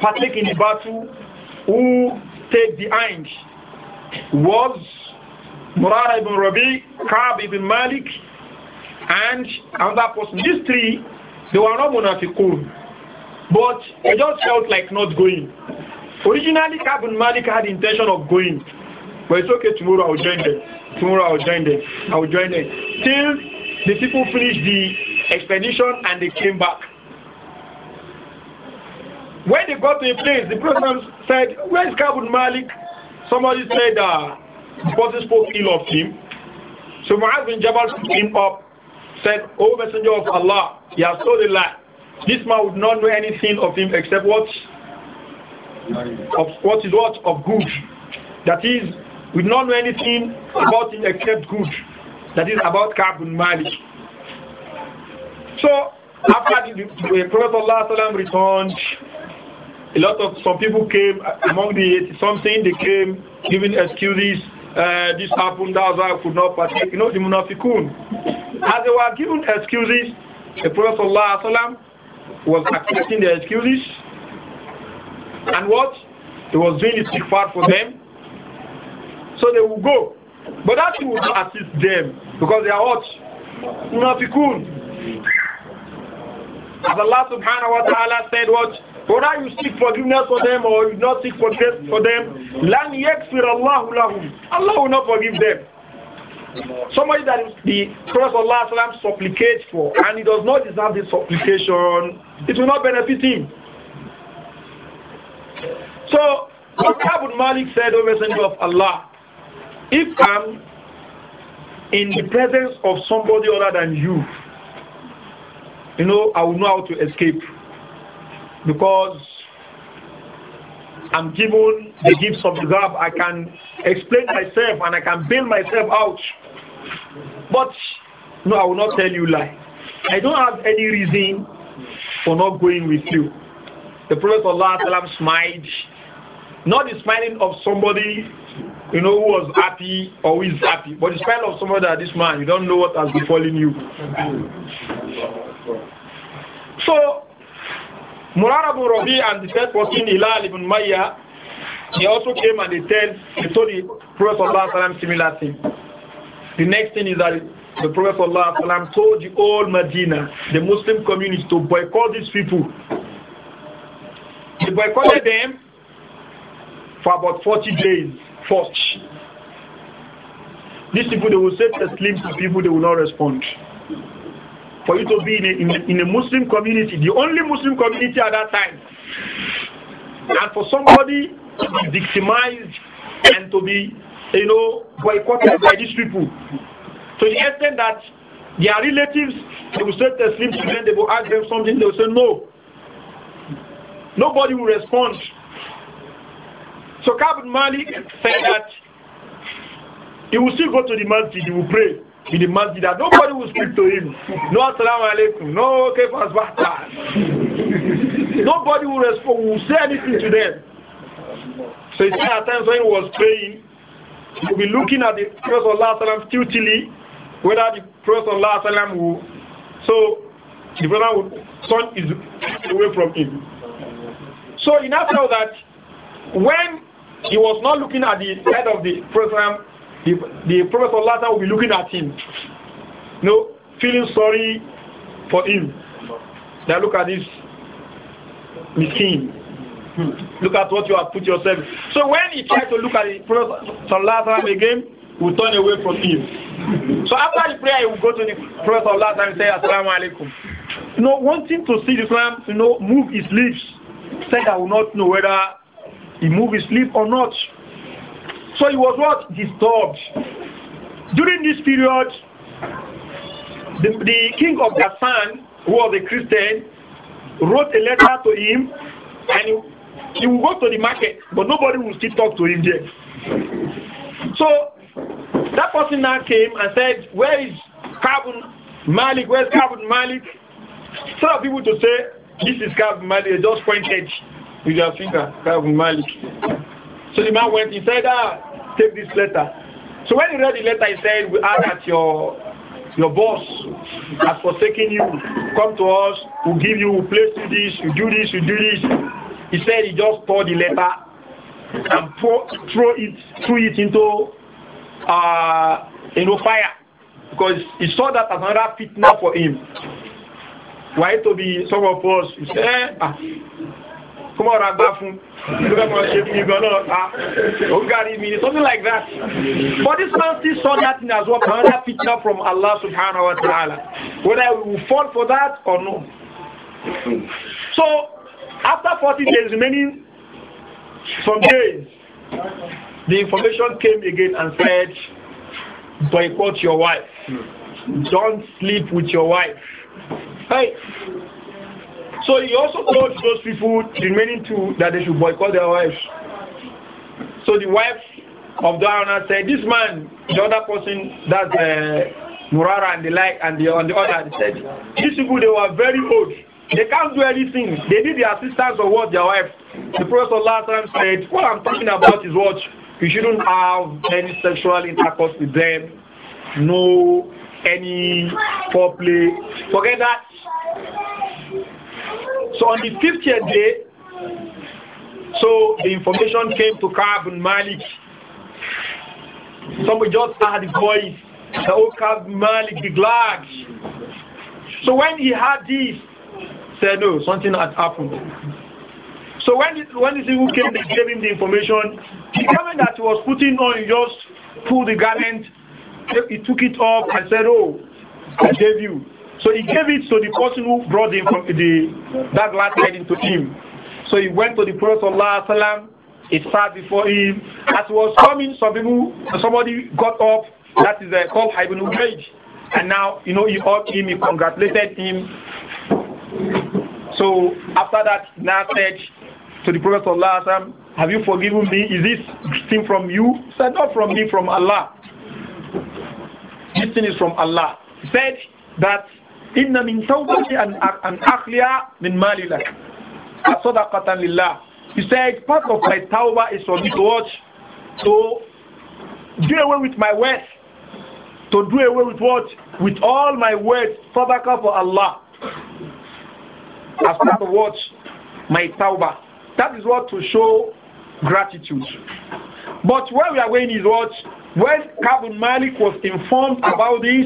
partake in the battle, who stayed behind, was Murara ibn Rabi, Kab ibn Malik, and another person. These three, they were not munafikun, but they just felt like not going. Originally, Kab ibn Malik had the intention of going, but it's okay tomorrow I'll join them tomorrow I'll join them. I'll join them. Till the people finished the expedition and they came back. When they got to a place, the president said, Where is Kabul Malik? Somebody said, uh, The spoke ill of him. So Muaz bin Jabal took him up, said, O Messenger of Allah, you have told a lie. This man would not know anything of him except what? Of what is what? Of good. That is, we do not know anything about it except good. That is about carbon bin So after the, the Prophet Allah returned, a lot of some people came among the something they came giving excuses. Uh, this happened, that's why I could not participate. You know the munafiqun. As they were given excuses, the Prophet Allah was accepting their excuses, and what he was doing is istighfar for them. So they will go. But that thing will not assist them because they are what? Munafiqun. As Allah subhanahu wa ta'ala said what? Whether you seek forgiveness for them or you not seek forgiveness for them, لَنْ يَكْفِرَ اللَّهُ لَهُمْ Allah will not forgive them. Somebody that the Prophet Allah supplicates for and he does not deserve this supplication, it will not benefit him. So, Abu Malik said, O Messenger of Allah, if I'm in the presence of somebody other than you, you know, I will know how to escape because I'm given the gifts of the God. I can explain myself and I can build myself out. But no, I will not tell you lie. I don't have any reason for not going with you. The Prophet Allah smiled, not the smiling of somebody you know who was happy or who is happy. But in spite of somebody that this man, you don't know what has befallen you. So, Murara bin Rabi and the third person, Hilal ibn Maya, they also came and they tell, they told the Prophet Sallallahu similar thing. The next thing is that the Prophet Sallallahu told the whole Medina, the Muslim community, to boycott these people. They boycotted them for about 40 days first. These people, they will say Taslim to people, they will not respond. For you to be in a, in a, in a Muslim community, the only Muslim community at that time, and for somebody to be victimized and to be, you know, boycotted by these people, to the extent that their relatives, they will say Taslim to them, they will ask them something, they will say no. Nobody will respond. So Kabul Malik said that he will still go to the masjid, he will pray in the masjid that nobody will speak to him. No assalamu alaikum, no okay Nobody will respond, will say anything to them. So he said at times when he was praying, he will be looking at the Prophet Allah futilely, whether the Prophet Allah will so the brother would turn his away from him. So in after that, when he was not looking at the head of the program, the, the Lata will be looking at him. No, feeling sorry for him. Now look at this miskin. Hmm. Look at what you have put yourself. So when he tried to look at the professor Sallallahu again, he turn away from him. So after the prayer, he will go to the professor Lata and say, Assalamu alaikum. You know, wanting to see the Islam, you know, move his lips, said I will not know whether he move his sleep or not. So he was what? Disturbed. During this period, the, the king of Gassan, who was a Christian, wrote a letter to him and he, he will go to the market, but nobody will still talk to him there. So that person now came and said, Where is Carbon Malik? Where's Carbon Malik? Some people to say, This is Carbon Malik, they just pointed with your finger. That Malik. So the man went, he said, ah, take this letter. So when he read the letter, he said, we are that your your boss has forsaken you. Come to us, we'll give you, we'll place you this, you do this, you do this. He said he just tore the letter and pour, throw it, threw it into uh, you fire because he saw that as another fitna for him. Why to be some of us, eh, ah, Come on, ra gbá fún ló fẹ́ mọ̀ ṣe fún mi gan náà ah òun something like that but this man still saw that thing as well another picture from Allah subhanahu wa ta'ala whether we will fall for that or no so after forty days remaining some days the information came again and said boycott your wife don't sleep with your wife hey so he also told those people, the remaining two, that they should boycott their wives. So the wife of the said, This man, the other person, that uh, Murara and the like, and the, the other, they said, These people, they were very old. They can't do anything. They need the assistance of what their wife. The Prophet last time said, What I'm talking about is what you shouldn't have any sexual intercourse with them, no any foreplay. Forget that. So on the 50th day, so the information came to Kaab and Malik. Somebody just had the voice. The old oh, Kaab Malik, be glad. So when he had this, said, no, something had happened. So when it, when this evil came, they gave him the information. The garment that he was putting on, he just pulled the garment, he took it off and said, "Oh, I gave you." So he gave it to the person who brought him from the that last heading to him. So he went to the Prophet Sallallahu It sat before him. As he was coming, some people, somebody got up. That is uh, called Ibn Ubaid. And now, you know, he hugged him, he congratulated him. So after that, now said to the Prophet Sallallahu have you forgiven me? Is this thing from you? He said, not from me, from Allah. This thing is from Allah. He said that in the توبتي أن and أخلع in مالي لك صدقة He said, part of my tawba is for me to watch, to do away with my wealth, to do away with what? With all my wealth, sadaqah for Allah. As part of what? My tawba That is what to show gratitude. But where we are going is what? When Kabul Malik was informed about this,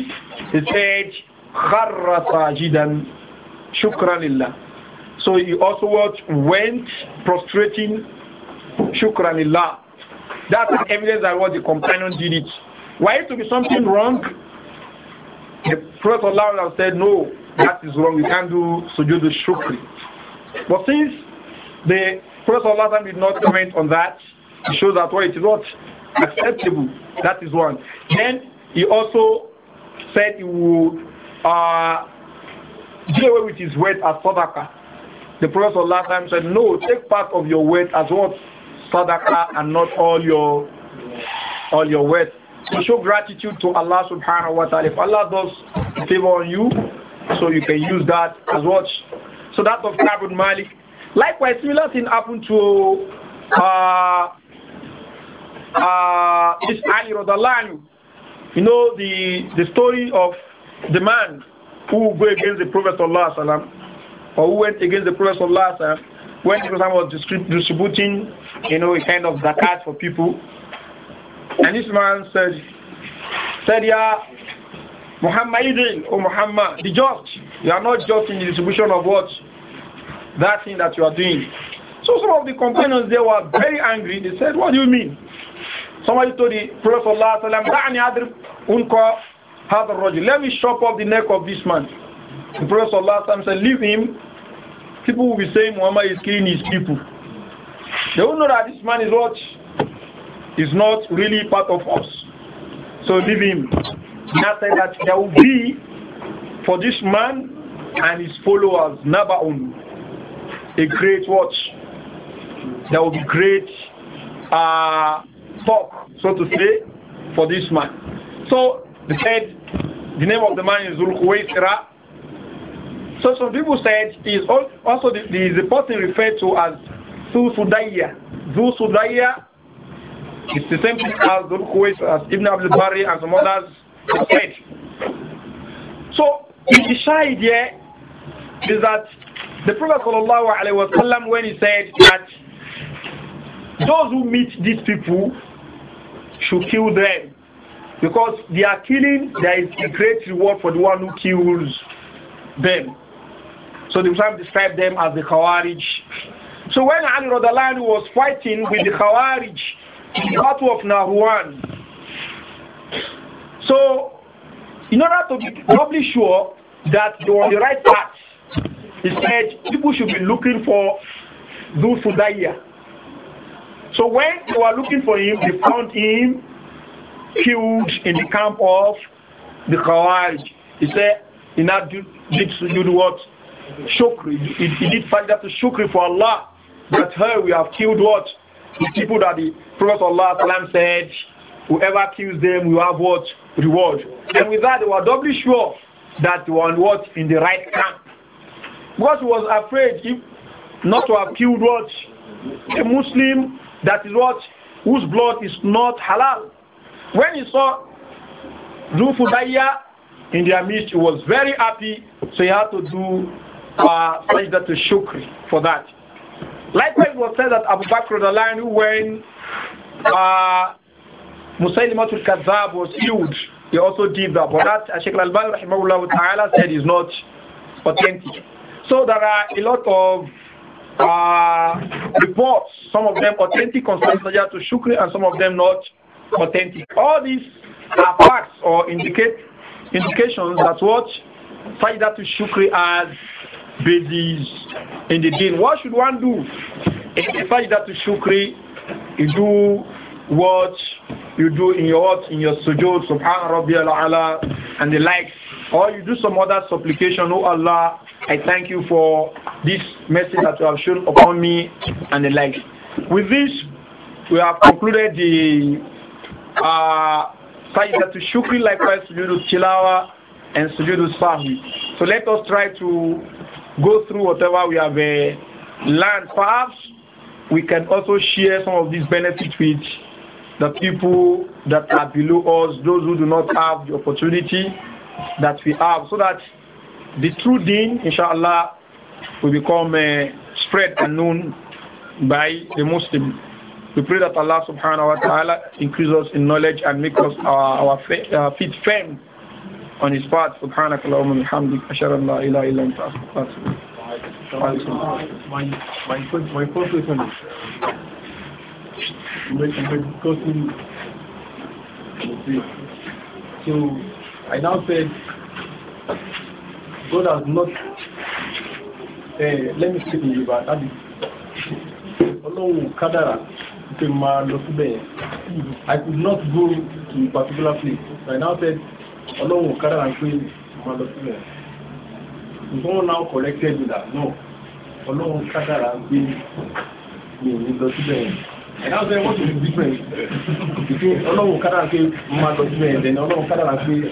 he said, kharra sajidan shukran So he also went prostrating shukran lillah. That's evidence that what the companion did it. Why it to be something wrong? The Prophet Allah said, no, that is wrong. You can't do sujood shukri. But since the Prophet Allah did not comment on that, it shows that what it is not acceptable. That is one. Then he also said he would uh, away with his wealth as sadaqah. The Prophet Allah said, no, take part of your wealth as what? Sadaqah and not all your all your wealth. So show gratitude to Allah subhanahu wa ta'ala. If Allah does favor on you, so you can use that as what." So that of Ka'b Malik. Likewise, similar thing happened to uh, uh, this Ali Rodalani. You know the the story of the man who go against the Prophet sallam, or who went against the Prophet sallam, when the Prophet was distributing, you know, a kind of zakat for people, and this man said, said, Ya Muhammadin, oh Muhammad, the just, you are not just in the distribution of what? That thing that you are doing. So some of the companions, they were very angry. They said, what do you mean? Somebody told the Prophet Sallallahu Alaihi Wasallam, هذا الرجل let me chop off the neck of this man the Prophet sallallahu said leave him people will be saying Muhammad is killing his people they will know that this man is what is not really part of us so leave him Nothing that there will be for this man and his followers Nabaun a great watch there will be great uh, talk so to say for this man so the said the name of the man is Zulkuwaitira. So some people said is also the, the, the person referred to as Zusudaya. Zusudaya is the same thing as Zulkuwaitira, as Ibn Abdul Bari and some others said. So the idea is that the Prophet wasallam when he said that those who meet these people should kill them. Because they are killing, there is a great reward for the one who kills them. So the Muslims described them as the Khawarij. So when Ali Radalani was fighting with the Khawarij in the Battle of Nahwan, so in order to be doubly sure that they were on the right path, he said people should be looking for Dhul So when they were looking for him, they found him killed in the camp of the Khawarij. He said, he now did, did do what? Shukri. He, he did that to shukri for Allah. That here we have killed what? The people that the Prophet Allah said, whoever kills them will have what? Reward. And with that, they were doubly sure that they were what? In the right camp. Because he was afraid if not to have killed what? A Muslim that is what? Whose blood is not halal. When he saw Zulfudaya in their midst, he was very happy, so he had to do uh, sajda to Shukri for that. Likewise, it was said that Abu Bakr al-Alain, when uh, Musaylimatul Kazab was killed, he also did that. But that Sheikh Al-Albani rahimahullah ta'ala said is not authentic. So there are a lot of uh, reports, some of them authentic concerning to Shukri and some of them not authentic. All these are facts or indicate indications that what Saida to Shukri has basis in the deen. What should one do? In Saida to Shukri, you do what you do in your what? In your sujood, subhan ala, and the likes. Or you do some other supplication, oh Allah, I thank you for this mercy that you have shown upon me, and the likes. With this, we have concluded the uh, to Shukri, likewise Sujudu Tilawa and Sujudu Sahwi. So let us try to go through whatever we have uh, learned. Perhaps we can also share some of these benefits with the people that are below us, those who do not have the opportunity that we have, so that the true deen, inshallah, will become uh, spread and known by the Muslim. We pray that Allah subhanahu wa ta'ala increase us in knowledge and make us uh, our, our uh, feet firm on his path. سبحانك اللهم وبحمدك أشهد أن لا إله anta. My my my first question is discussing this. So I now said God has not. Uh, eh, let me speak in Yoruba. That is, Ọlọ́run kádàrà pé máa I could not go to a particular place I now said ọlọ́run ọ̀kadà náà pé máa lọ síbẹ̀ yẹn someone now corrected me that no ọlọ́run kádàrà pé mi ò ní lọ I now said what is the difference between ọlọ́run kádàrà pé máa lọ síbẹ̀ yẹn then ọlọ́run kádàrà pé mi ò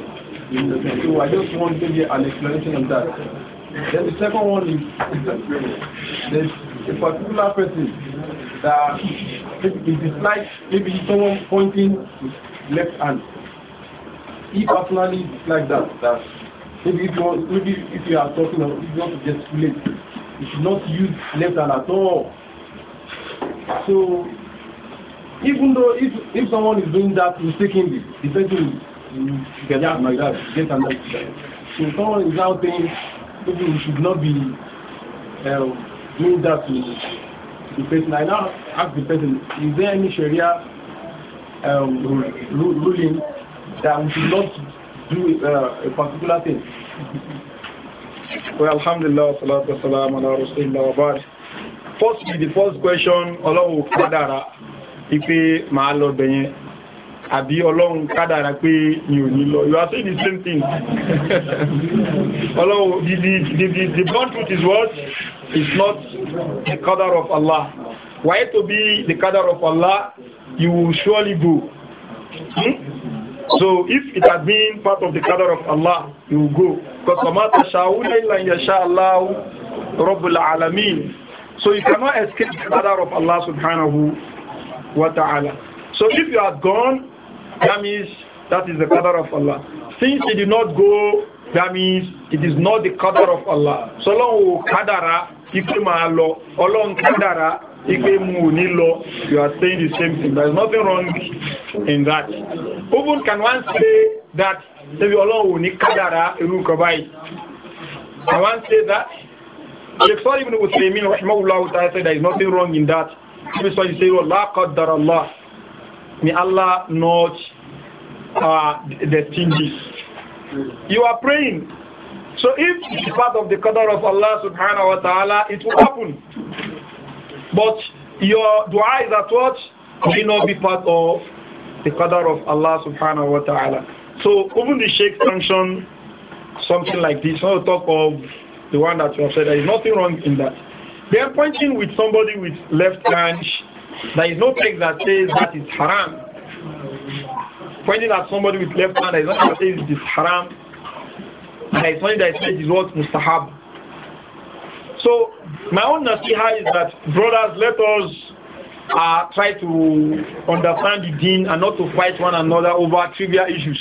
ní lọ so I just want to give an explanation of that then the second one is the a particular person that it is like maybe someone pointing left hand. He personally like that. That maybe if you maybe if you are talking about if you want to gesticulate, you should not use left hand at all. So even though if if someone is doing that mistakenly, the person will get yeah, like get another. So someone is now saying maybe you should not be um, doing that to the person. I now ask the person, is there any Sharia um, ruling that we should not do uh, a particular thing? Well, alhamdulillah, salatu wassalam ala rasulillah wa Firstly, the first question, Ọlọ́run kádàrá wípé máa lọ àbí along kádàrá kwe mi You are saying the same thing. Ọlọ́run, the, the, the, the blunt truth is what? is not the qadar of Allah. Were it to be the qadar of Allah, you will surely go. Hmm? So if it had been part of the qadar of Allah, you will go. Because وَمَا تَشَاءُونَ إِلَّا يَشَاءَ اللَّهُ رَبُّ الْعَالَمِينَ So you cannot escape the qadar of Allah subhanahu wa ta'ala. So if you are gone, that means that is the qadar of Allah. Since you did not go, that means it is not the qadar of Allah. So long qadara, ipe máa lọ ọlọ́run kádàrá ipe mu ò ní lọ you are saying the same thing there is nothing wrong in that even can one say that ṣebí ọlọ́run ò ní kádàrá irú nǹkan báyìí can one say that alexander ibn usaimin rahimahullah ta'ala say there is nothing wrong in that ṣebí sọ you say ọlá kọ́dàrà allah may allah not uh, the stingy you are praying so if it's part of the qadr of Allah subhanahu wa ta'ala, it will happen. But your dua is at what? Will not be part of the qadr of Allah subhanahu wa ta'ala. So even the sheikh function something like this, not talk of the one that you have said, there is nothing wrong in that. They are pointing with somebody with left hand. There is no text that says that is haram. Pointing at somebody with left hand, there is nothing that says it is haram. And it's something that is said is what mustahab. So my own nasiha is that brothers, let us uh, try to understand the deen and not to fight one another over trivial issues.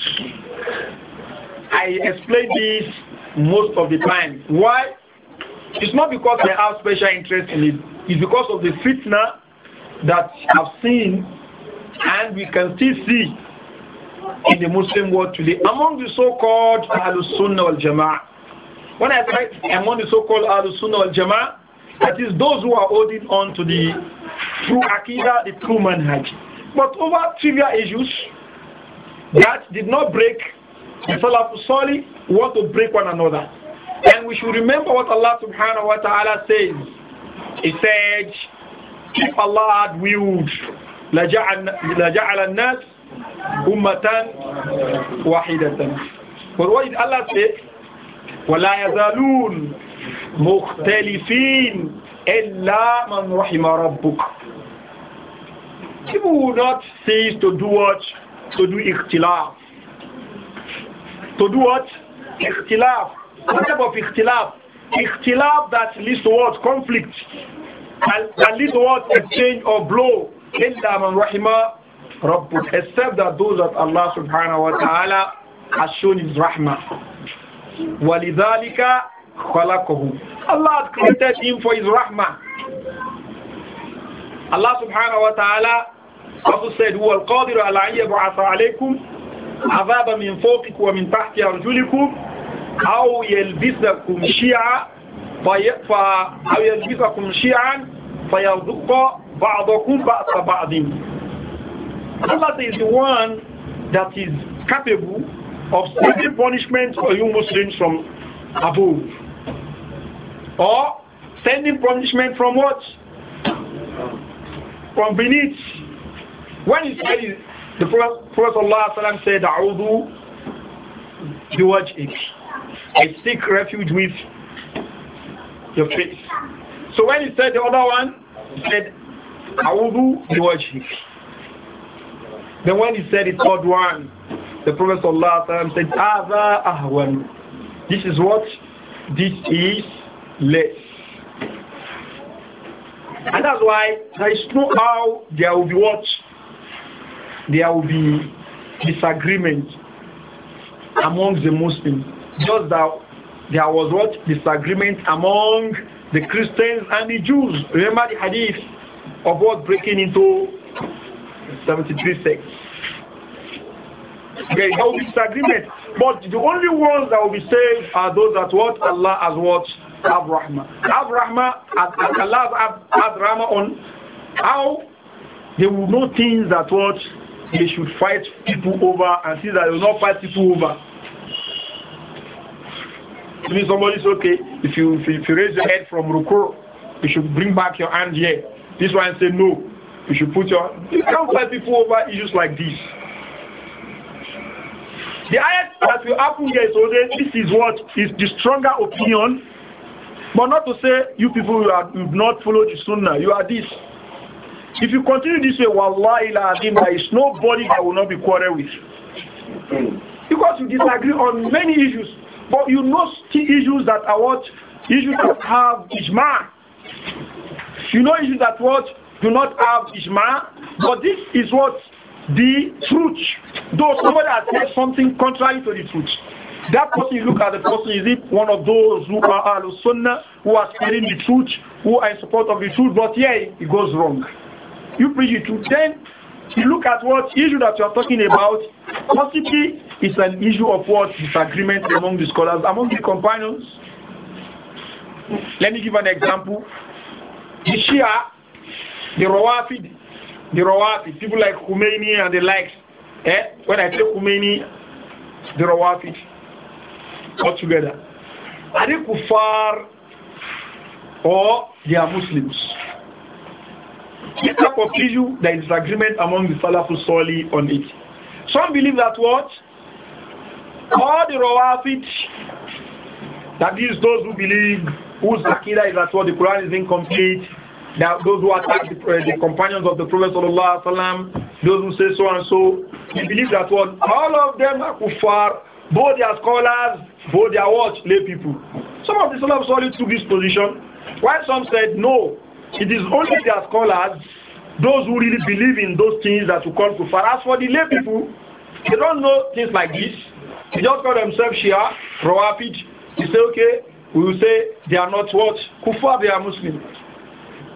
I explain this most of the time. Why? It's not because I have special interest in it. It's because of the fitna that I've seen and we can still see in the Muslim world today among the so-called al Sunnah al Jama'ah. When I say among the so-called al-Sunnah Sunnah al Jama'ah, that is those who are holding on to the true akira, the true Manhaj. But over trivial issues that did not break the Salafus Sali want to break one another. And we should remember what Allah subhanahu wa ta'ala says. He said, if Allah had willed, لَجَعَلَ النَّاسِ ummatan wahidatan. But what did Allah say? وَلَا يَزَالُونَ مُخْتَلِفِينَ إِلَّا مَنْ رَحِمَ رَبُّكَ People will not cease to do what? To do ikhtilaf. To do what? Ikhtilaf. What type of ikhtilaf? Ikhtilaf that leads to what? Conflict. And that leads to what? Exchange or blow. إِلَّا مَنْ رَحِمَ Rabbuk, except that those that Allah subhanahu wa ta'ala has shown his rahmah. وَلِذَلِكَ خَلَقَهُ Allah has created him for his rahmah. Allah subhanahu wa ta'ala also said, هُوَ الْقَادِرُ عَلَىٰ أَنْ يَبْعَثَ عَلَيْكُمْ عَذَابًا مِنْ فَوْقِكُمْ وَمِنْ تَحْتِ أَرْجُلِكُمْ أَوْ يَلْبِسَكُمْ شِيَعًا أو يلبسكم شيعا فيذوق بعضكم بأس بعض Allah is the one that is capable of sending punishment for you Muslims from above. Or sending punishment from what? From beneath. When he said, the Prophet, Prophet Allah said, A'udhu biwaj'ik. I seek refuge with your face. So when he said the other one, he said, A'udhu biwaj'ik. Then when he said it's third one, the Prophet said, Ava ahwan. This is what? This is less. And that's why there is no how there will be what? There will be disagreement among the Muslims. Just that there was what? Disagreement among the Christians and the Jews. Remember the hadith of what breaking into 73 three six. Okay, there this agreement? disagreement. But the only ones that will be saved are those that what Allah has what have rahmah. Have rahmah, Allah has, has rahmah on how they will know things that what they should fight people over and see that they will not fight people over. I somebody somebody's okay. If you, if you raise your head from rukur, you should bring back your hand here. This one say no. You should put your. You can't fight people over issues like this. The highest that will happen here is okay, this is what is the stronger opinion, but not to say you people you have not followed the sunnah. You are this. If you continue this way, wallahi la adim, there is nobody that will not be quarrel with. Because you disagree on many issues, but you know issues that are what issues that have ijma. You know issues that what do not have Ijma, but this is what the truth. Though somebody has said something contrary to the truth. That person, you look at the person, is it one of those who are al sunnah, who are spreading the truth, who are in support of the truth, but yeah, it goes wrong. You preach the truth. Then you look at what issue that you are talking about, possibly it's an issue of what disagreement among the scholars, among the companions. Let me give an example. The Shia the Rawafid, the Rawafid, people like Khomeini and the likes. Eh? When I say Khomeini, the Rawafid, all together. Are they kuffar or they are Muslims? This type of issue, there is agreement among the Salafus solely on it. Some believe that what? All the Rawafid, that is those who believe whose Akira is that what the Quran is incomplete, now, those who attack the, uh, the companions of the Prophet sallallahu alaihi wasallam, those who say so and so, they believe that what all of them are kuffar, both their scholars, both their watch, lay people. Some of the Salaf Salih took this position, while some said no, it is only their scholars, those who really believe in those things that you call kuffar. As for the lay people, they don't know things like this. They just call themselves Shia, Rawafid. they say, okay, we will say they are not what? Kuffar, they are Muslims.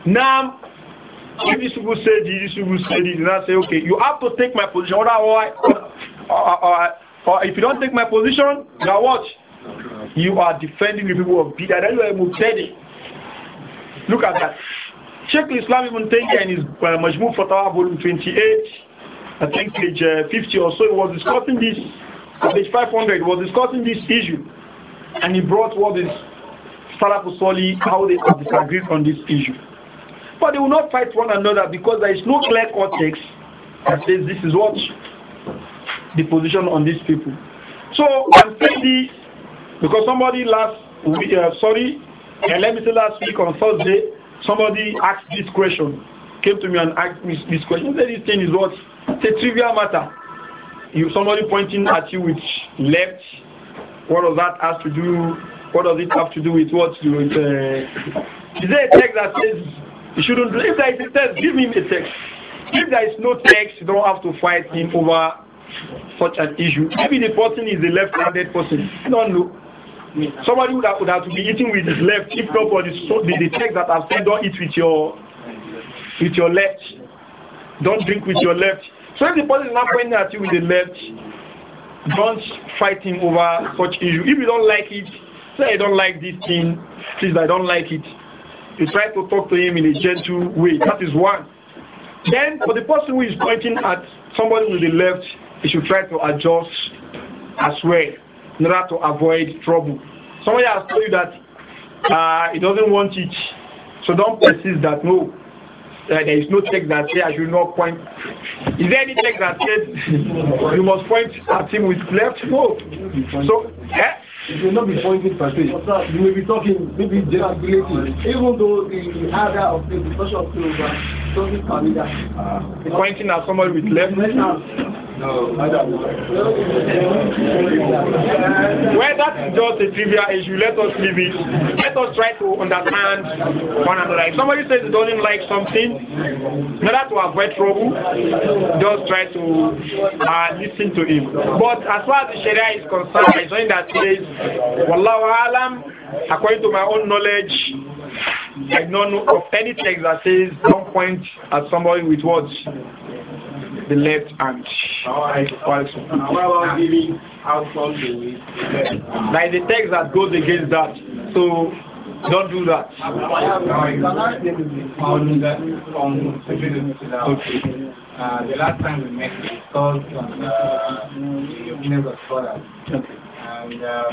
Now, if this people say this, this people say this, and I say, okay, you have to take my position, otherwise, or, or, or if you don't take my position, now what? You are defending the people of Bida. That's why Mubtadi. Look at that. Check Islam Ibn Taymiyyah in his uh, Majmu Fatawa, volume 28, I think page uh, 50 or so, he was discussing this, page 500, was discussing this issue. And he brought what is Salafus Soli, how they have disagreed on this issue. But they will not fight one another because there is no clear context that says this is what the position on these people. So I'm saying this because somebody last week, uh, sorry, let me say last week on Thursday, somebody asked this question, came to me and asked me this question. Said this thing is what? It's a trivial matter. You somebody pointing at you with left. What does that have to do? What does it have to do with what you? Uh, is there a text that says you shouldn't do If there is a text, give him a text. If there is no text, you don't have to fight him over such an issue. Maybe the person is a left-handed person. I don't know. Somebody would have, would have to be eating with his left, if not for the, so the, the text that I've said, don't eat with your, with your left. Don't drink with your left. So if the person is not pointing at you with the left, don't fight him over such issue. If you don't like it, say I don't like this thing, please I don't like it. You try to talk to him in a gentle way. That is one. Then for the person who is pointing at somebody with the left, he should try to adjust as well in order to avoid trouble. Somebody has told you that uh, he doesn't want it. So don't persist that no. Uh, there is no text that says I should not point. Is there any text that says you must point at him with left? No. So eh? It will not be pointing per se. You may be talking, maybe gesticulating, even though the harder of the discussion of Yoruba doesn't permit that. Pointing at somebody with left hand. No. Well, that's just a trivial issue. Let us leave it. Let us try to understand one another. If somebody says he doesn't like something, in order to avoid trouble, just try to uh, listen to him. But as far as the Sharia is concerned, I something that says, Wallahu alam, according to my own knowledge, I don't know of any text that says don't point at somebody with words the left hand. Like the text that goes against that. So don't do that. Okay. Uh, the last time we met, we talked on the opinions of scholars. And uh,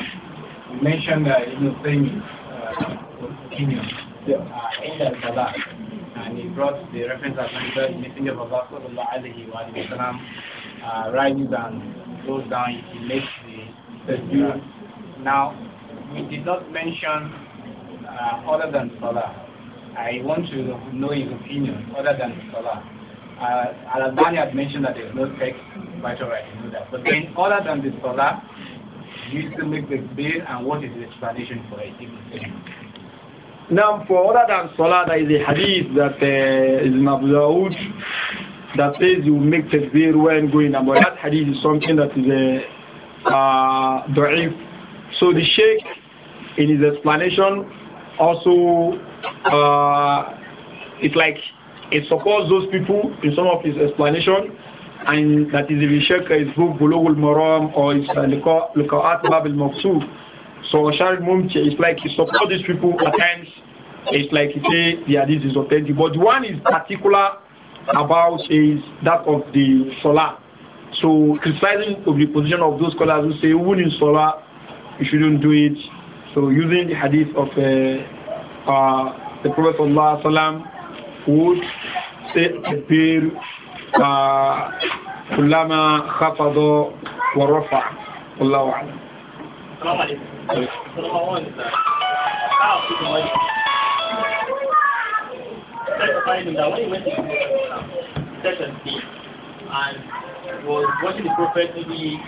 we mentioned that Ibn Taymi's uh, opinion yeah and he brought the reference as mentioned, Messenger of Allah sallallahu alayhi wa sallam uh, rises and goes down, he makes the sujood. Now, we did not mention uh, other than Salah. I want to know his opinion other than Salah. Uh, Al-Albani had mentioned that there is no text, quite alright, you know that. But then other than the Salah, you still make the bill and what is the explanation for it? Now, for other than Salah, there is a hadith that uh, is in Abu that says you make takbir when going abroad. That hadith is something that is a uh, uh, da'if. So the Sheikh, in his explanation, also, uh, it's like it supports those people in some of his explanation, and that is the Sheikh, his book, Bulugh maram or his uh, Liqa'at Bab al-Maqsood. So Sharid Mumti it's like he supports these people at times. It's like he say yeah, this is authentic. But one is particular about is that of the Salah. So criticizing of the position of those scholars who say even in Salah you shouldn't do it. So using the hadith of uh, uh, the Prophet Sallallahu would say bir كلما خفض ورفع والله أعلم Put the that you And was watching the prophet responded.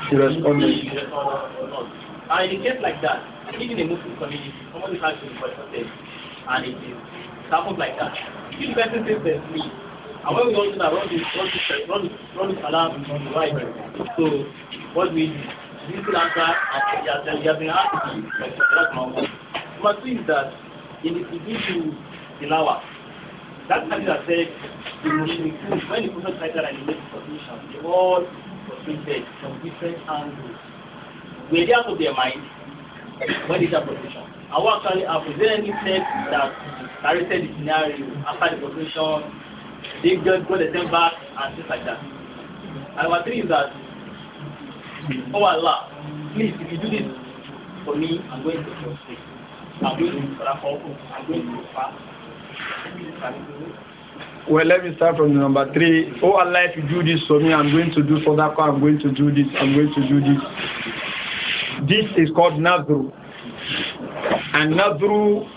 And in a case like that, even in a Muslim community, someone is asking for something. And it is it happens like that. If the person says there's me, and when we don't do that, run this, alarm, run the So, what do we do? this answer as you have been asked to must see that in the position Tilawa, that hadith said the Mushrikun, when the Prophet cited and he made the submission, they all proceeded from different angles. Were they out of their mind when they said position. actually happened? Is there any text that narrated the scenario after the position, They just got the same back and things like that. And number three is that Oh Allah, please, if you do this for me, I'm going to prostrate. I'm going to fall. I'm going to fast. Well, let me start from number three. Oh Allah, if you do this for me, I'm going to do for that car, I'm going to do this, I'm going to do this. This is called Nadru. And Nadru,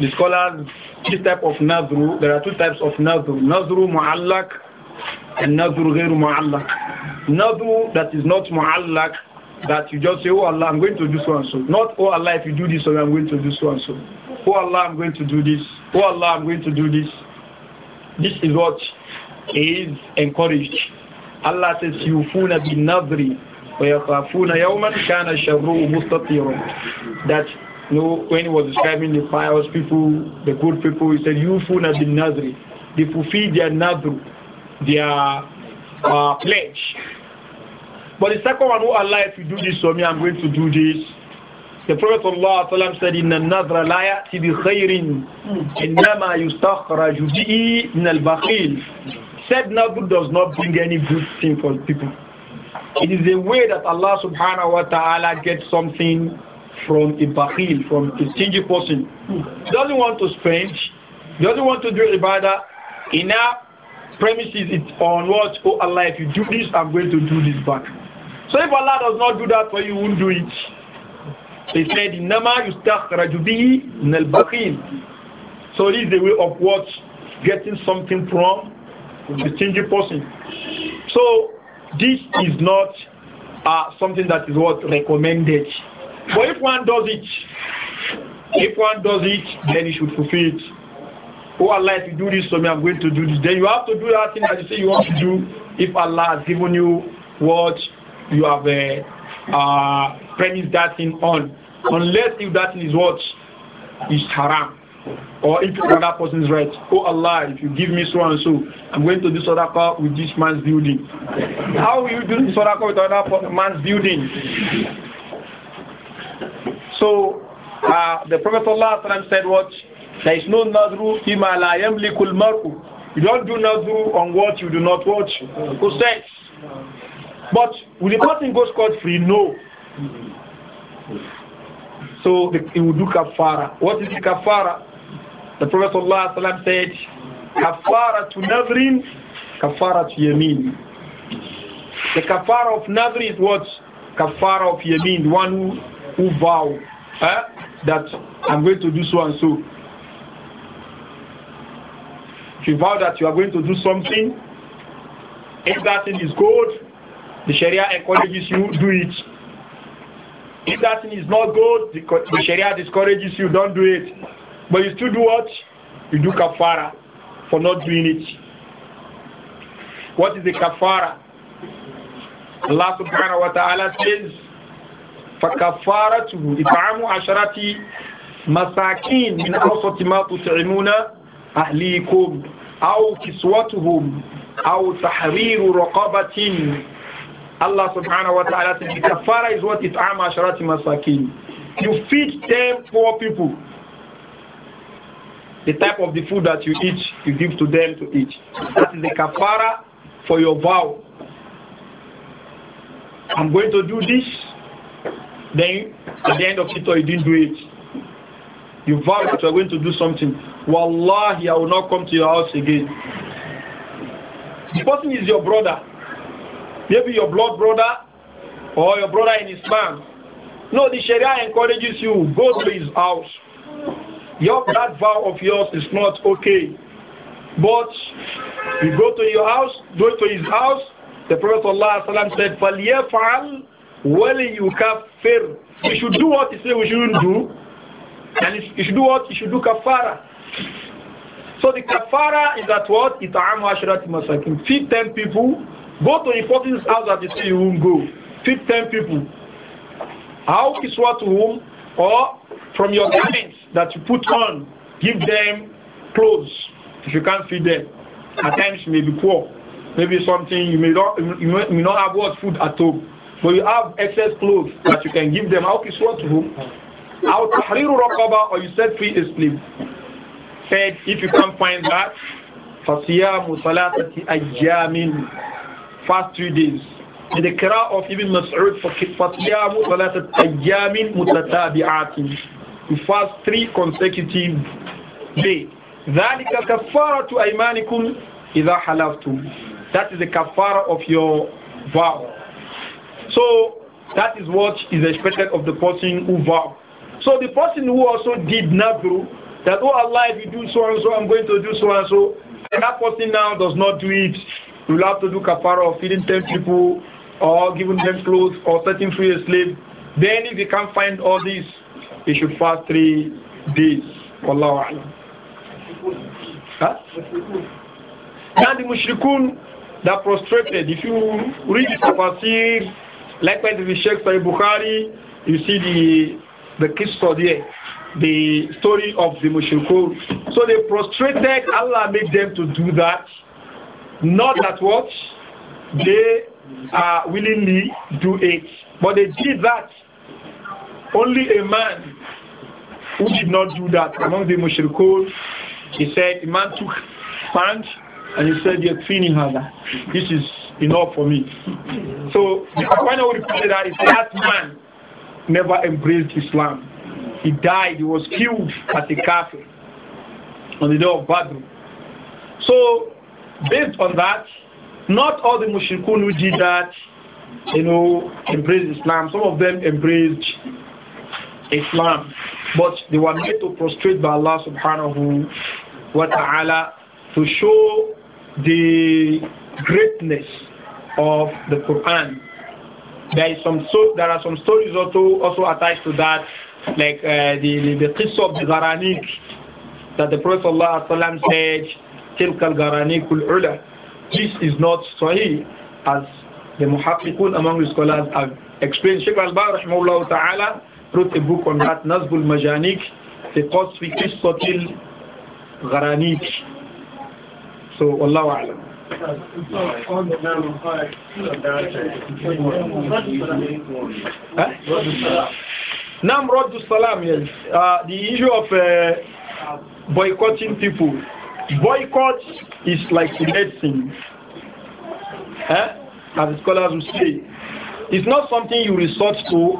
the scholars, this type of Nadru, there are two types of Nadru. Nadru Mu'allak and nadru ghairu mu'allaq. Nadru that is not mu'allaq, that you just say, oh Allah, I'm going to do so and so. Not, oh Allah, if you do this, I'm going to do so and so. Oh Allah, I'm going to do this. Oh Allah, I'm going to do this. This is what is encouraged. Allah says, yufuna bin nadri wa yakhafuna yawman kana sharruhu That you know, when he was describing the pious people, the good people, he said, yufuna bin nadri. They fulfill their nadru their uh, pledge. But the second one, oh Allah, if you do this for me, I'm going to do this. The Prophet Allah said, إِنَّ النَّذْرَ لَا يَأْتِ بِخَيْرٍ إِنَّمَا يُسْتَخْرَجُ in al bakhil Said Nabu does not bring any good thing for people. It is a way that Allah subhanahu wa ta'ala gets something from a bakhil, from a stingy person. He doesn't want to spend, doesn't want to do ibadah. Enough premises it on what? Oh Allah, if you do this, I'm going to do this back. So if Allah does not do that for you, you won't do it. He said, Innama yustakhraju So this is the way of what? Getting something from the stingy person. So this is not uh, something that is what recommended. But if one does it, if one does it, then he should fulfill it oh Allah, if you do this for me, I'm going to do this. Then you have to do that thing that you say you want to do if Allah has given you what you have uh, uh, premised that thing on. Unless if that thing is what is haram. Or if another person is right, oh Allah, if you give me so and so, I'm going to do sadaqah with this man's building. How will you do sadaqah with another man's building? So uh, the Prophet Allah said what? There is no nadru fima la yamliku maru You don't do nadru on what you do not watch. says? But will the person go scot-free? No. So he will do kafara. What is the kafara? The Prophet said, kafara to nadrin, kafara to yamin. The kafara of nadri is what? Kafara of yamin, the one who, who vow eh, that I'm going to do so and so you vow that you are going to do something, if that thing is good, the Sharia encourages you, to do it. If that thing is not good, the, the Sharia discourages you, don't do it. But you still do what? You do kafara for not doing it. What is the kafara? Allah subhanahu wa ta'ala says, فَكَفَّارَتُهُ إِطْعَامُ عَشَرَةِ مَسَاكِينَ مِنْ أَوْسَطِ مَا تُطْعِمُونَ أَهْلِيكُمْ أو كسوتهم أو تحرير رقبة Allah subhanahu wa ta'ala said, the kafara is what it am asharati masakin. You feed them poor people. The type of the food that you eat, you give to them to eat. That is the kafara for your vow. I'm going to do this. Then at the end of it, or you didn't do it. You vow that you are going to do something. Wallahi, I will not come to your house again. The person is your brother. Maybe your blood brother or your brother in Islam. No, the Sharia encourages you, go to his house. Your that vow of yours is not okay. But you go to your house, go to his house. The Prophet Allah said, فَلْيَفْعَلْ kafir. you should do what he said we shouldn't do. And you should do what? You should do kafara. So the kafara is that what? Ita'amu ashrati masakin. Feed 10 people. Go to person's house that you see you won't go. Feed 10 people. How is what to whom? Or from your garments that you put on, give them clothes if you can't feed them. At times you may be poor. Maybe something you may not you may, you may not have what food at home. But you have excess clothes that you can give them. How is what to whom? How hariru raqaba or you set free a slave said, if you can't find that, فَصِيَامُ ثَلَاثَةِ أَيَّامٍ Fast three days. In the Qira of Ibn Mas'ud, فَصِيَامُ ثَلَاثَةِ أَيَّامٍ مُتَتَابِعَةٍ You fast three consecutive days. ذَلِكَ كَفَّارَةُ أَيْمَانِكُمْ إِذَا حَلَفْتُمْ That is the kafara of your vow. So, that is what is expected of the person who vow. So the person who also did Nabru that, oh Allah, if you do so and so, I'm going to do so and so. And that person now does not do it. You'll have to do kafara of feeding 10 people or giving them clothes or setting free a slave. Then if you can't find all this, you should fast three days. Wallahu alam. Huh? Now the mushrikun that prostrated, if you read the tafsir, likewise if you check Sahih Bukhari, you see the the kiss there the story of the Mushrikun. So they prostrated, Allah made them to do that. Not that what they uh, willingly do it, but they did that. Only a man who did not do that among the Mushrikun, he said, the man took pants and he said, You're cleaning her. This is enough for me. So the final reply that is that man never embraced Islam he died, he was killed at a cafe on the day of Badr. So, based on that, not all the mushrikun who did that, you know, embraced Islam. Some of them embraced Islam, but they were made to prostrate by Allah subhanahu wa ta'ala to show the greatness of the Quran. There is some so there are some stories also also attached to that like uh, the, the, the qissa of the Gharanik that the Prophet ﷺ said, تِلْكَ الْغَرَانِيكُ Ula," This is not Sahih as the muhaqqiqun among the scholars have explained. Sheikh Al-Bar rahimahullah ta'ala wrote a book on that, Nazbul Majanik, the cost fi qissatil gharanik. So, Allahu A'lam. Huh? Now, Raddu Salam, yes. Uh, the issue of uh, boycotting people. Boycott is like a medicine. Eh? As the scholars will say. It's not something you resort to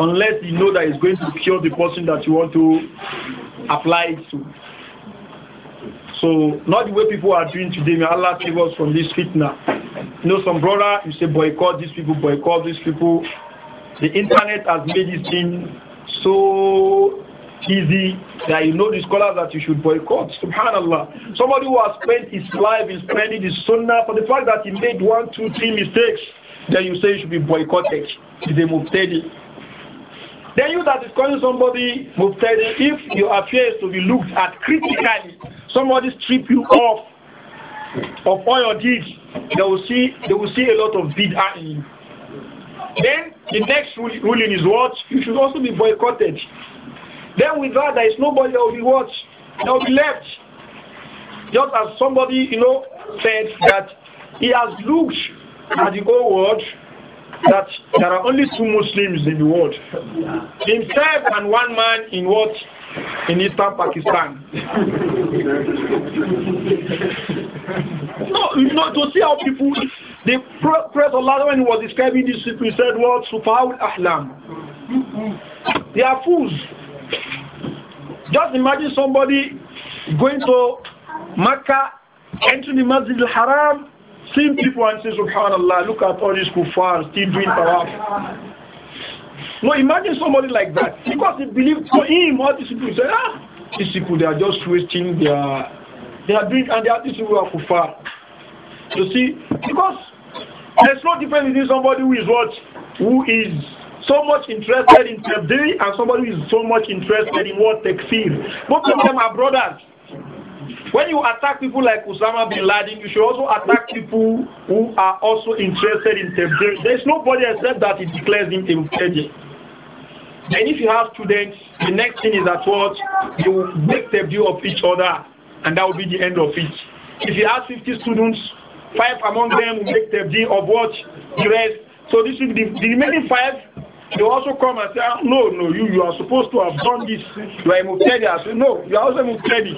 unless you know that it's going to cure the person that you want to apply it to. So, not the way people are doing today. May Allah save us from this fitna. You know, some brother, you say boycott these people, boycott these people the internet has made this thing so easy that you know the scholars that you should boycott. Subhanallah. Somebody who has spent his life in spreading the sunnah for the fact that he made one, two, three mistakes, then you say you should be boycotted. Is a muftedi. Then you that is calling somebody muftedi, if your affairs to be looked at critically, somebody strip you off of all your deeds, they will see they will see a lot of bid'ah in you. Then the next ruling is what? You should also be boycotted. Then with that, there is nobody that will be what? That will be left. Just as somebody, you know, said that he has looked at the whole world that there are only two Muslims in the world. Himself and one man in what? In eastern Pakistan. no, you know, to see how people, they Prophet Allah when he was describing this, he said, what? Sufa'ul Ahlam. They are fools. Just imagine somebody going to Mecca, entering the Masjid al-Haram, seeing people and saying, Subhanallah, look at all these kuffar still doing tawaf. No, imagine somebody like that. Because he believed for him, all these people say, ah, these people, they are just wasting their they are doing, and they are these who are kufar. You see, because there's no difference between somebody who is what, who is so much interested in tabdil and somebody who is so much interested in what takfir. Both of them are brothers. When you attack people like Osama bin Laden, you should also attack people who are also interested in tabdil. There's nobody except that it declares him a mubtadi. And if you have students, the next thing is that what you make view of each other and that will be the end of it. If you have 50 students, five among them will make the deal of what the rest. So this will be the, the remaining five. They also come and say, ah, no, no, you, you are supposed to have done this. You are a Muqtadi. I say, no, you are also a Muqtadi.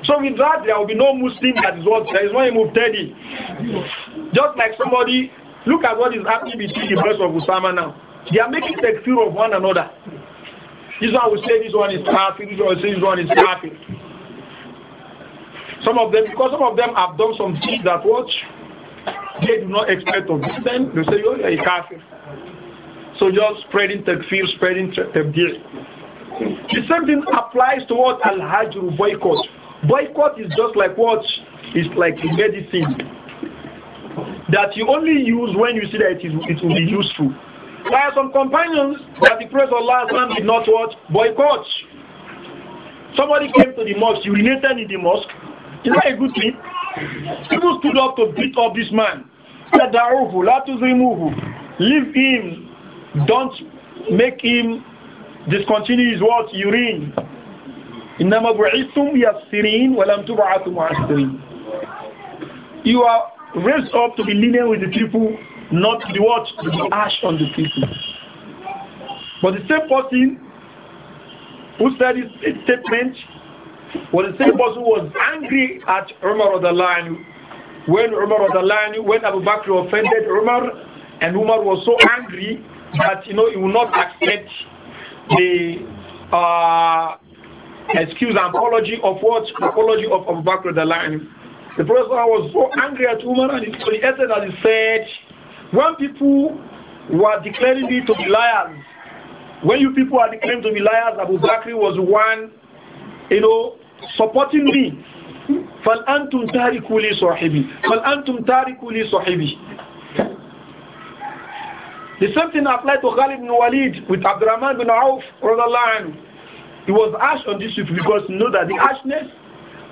so with that, there will be no Muslim that is what, there is no Muqtadi. Just like somebody, look at what is happening between the breast of Usama now. They are making the fear of one another. This one will say this one is happy. this one will say this one is happy. Some of them, because some of them have done some things that what they do not expect of them, they say, oh, you're a kafir. So just spreading fear, spreading fear. The same thing applies to what al-hajr boycott. Boycott is just like what is like medicine that you only use when you see that it, is, it will be useful. There are some companions that the Prophet Allah did not what? Boycott. Somebody came to the mosque, urinated in the mosque, is that a good thing? People stood up to beat up this man. Let us remove him. Leave him. Don't make him discontinue his what? Urine. إنما بعثتم يسرين ولم تبعثوا معسرين You are raised up to be lenient with the people, not the what? The ash on the people. But the same person who said this statement was the same person who was angry at Umar when Umar when Abu Bakr offended Umar and Umar was so angry that you know he would not accept the uh, excuse and apology of what apology of Abu Bakr The Prophet was so angry at Umar and so he said that he said when people were declaring me to be liars when you people are declaring to be liars, Abu Bakr was one, you know, supporting me. فَالْأَنْتُمْ تَارِكُوا لِي صَحِبِي فَالْأَنْتُمْ تَارِكُوا لِي صَحِبِي the same thing applied to Khalid bin Walid with Abdurrahman bin Auf. He was ash on this people because you know that the ashness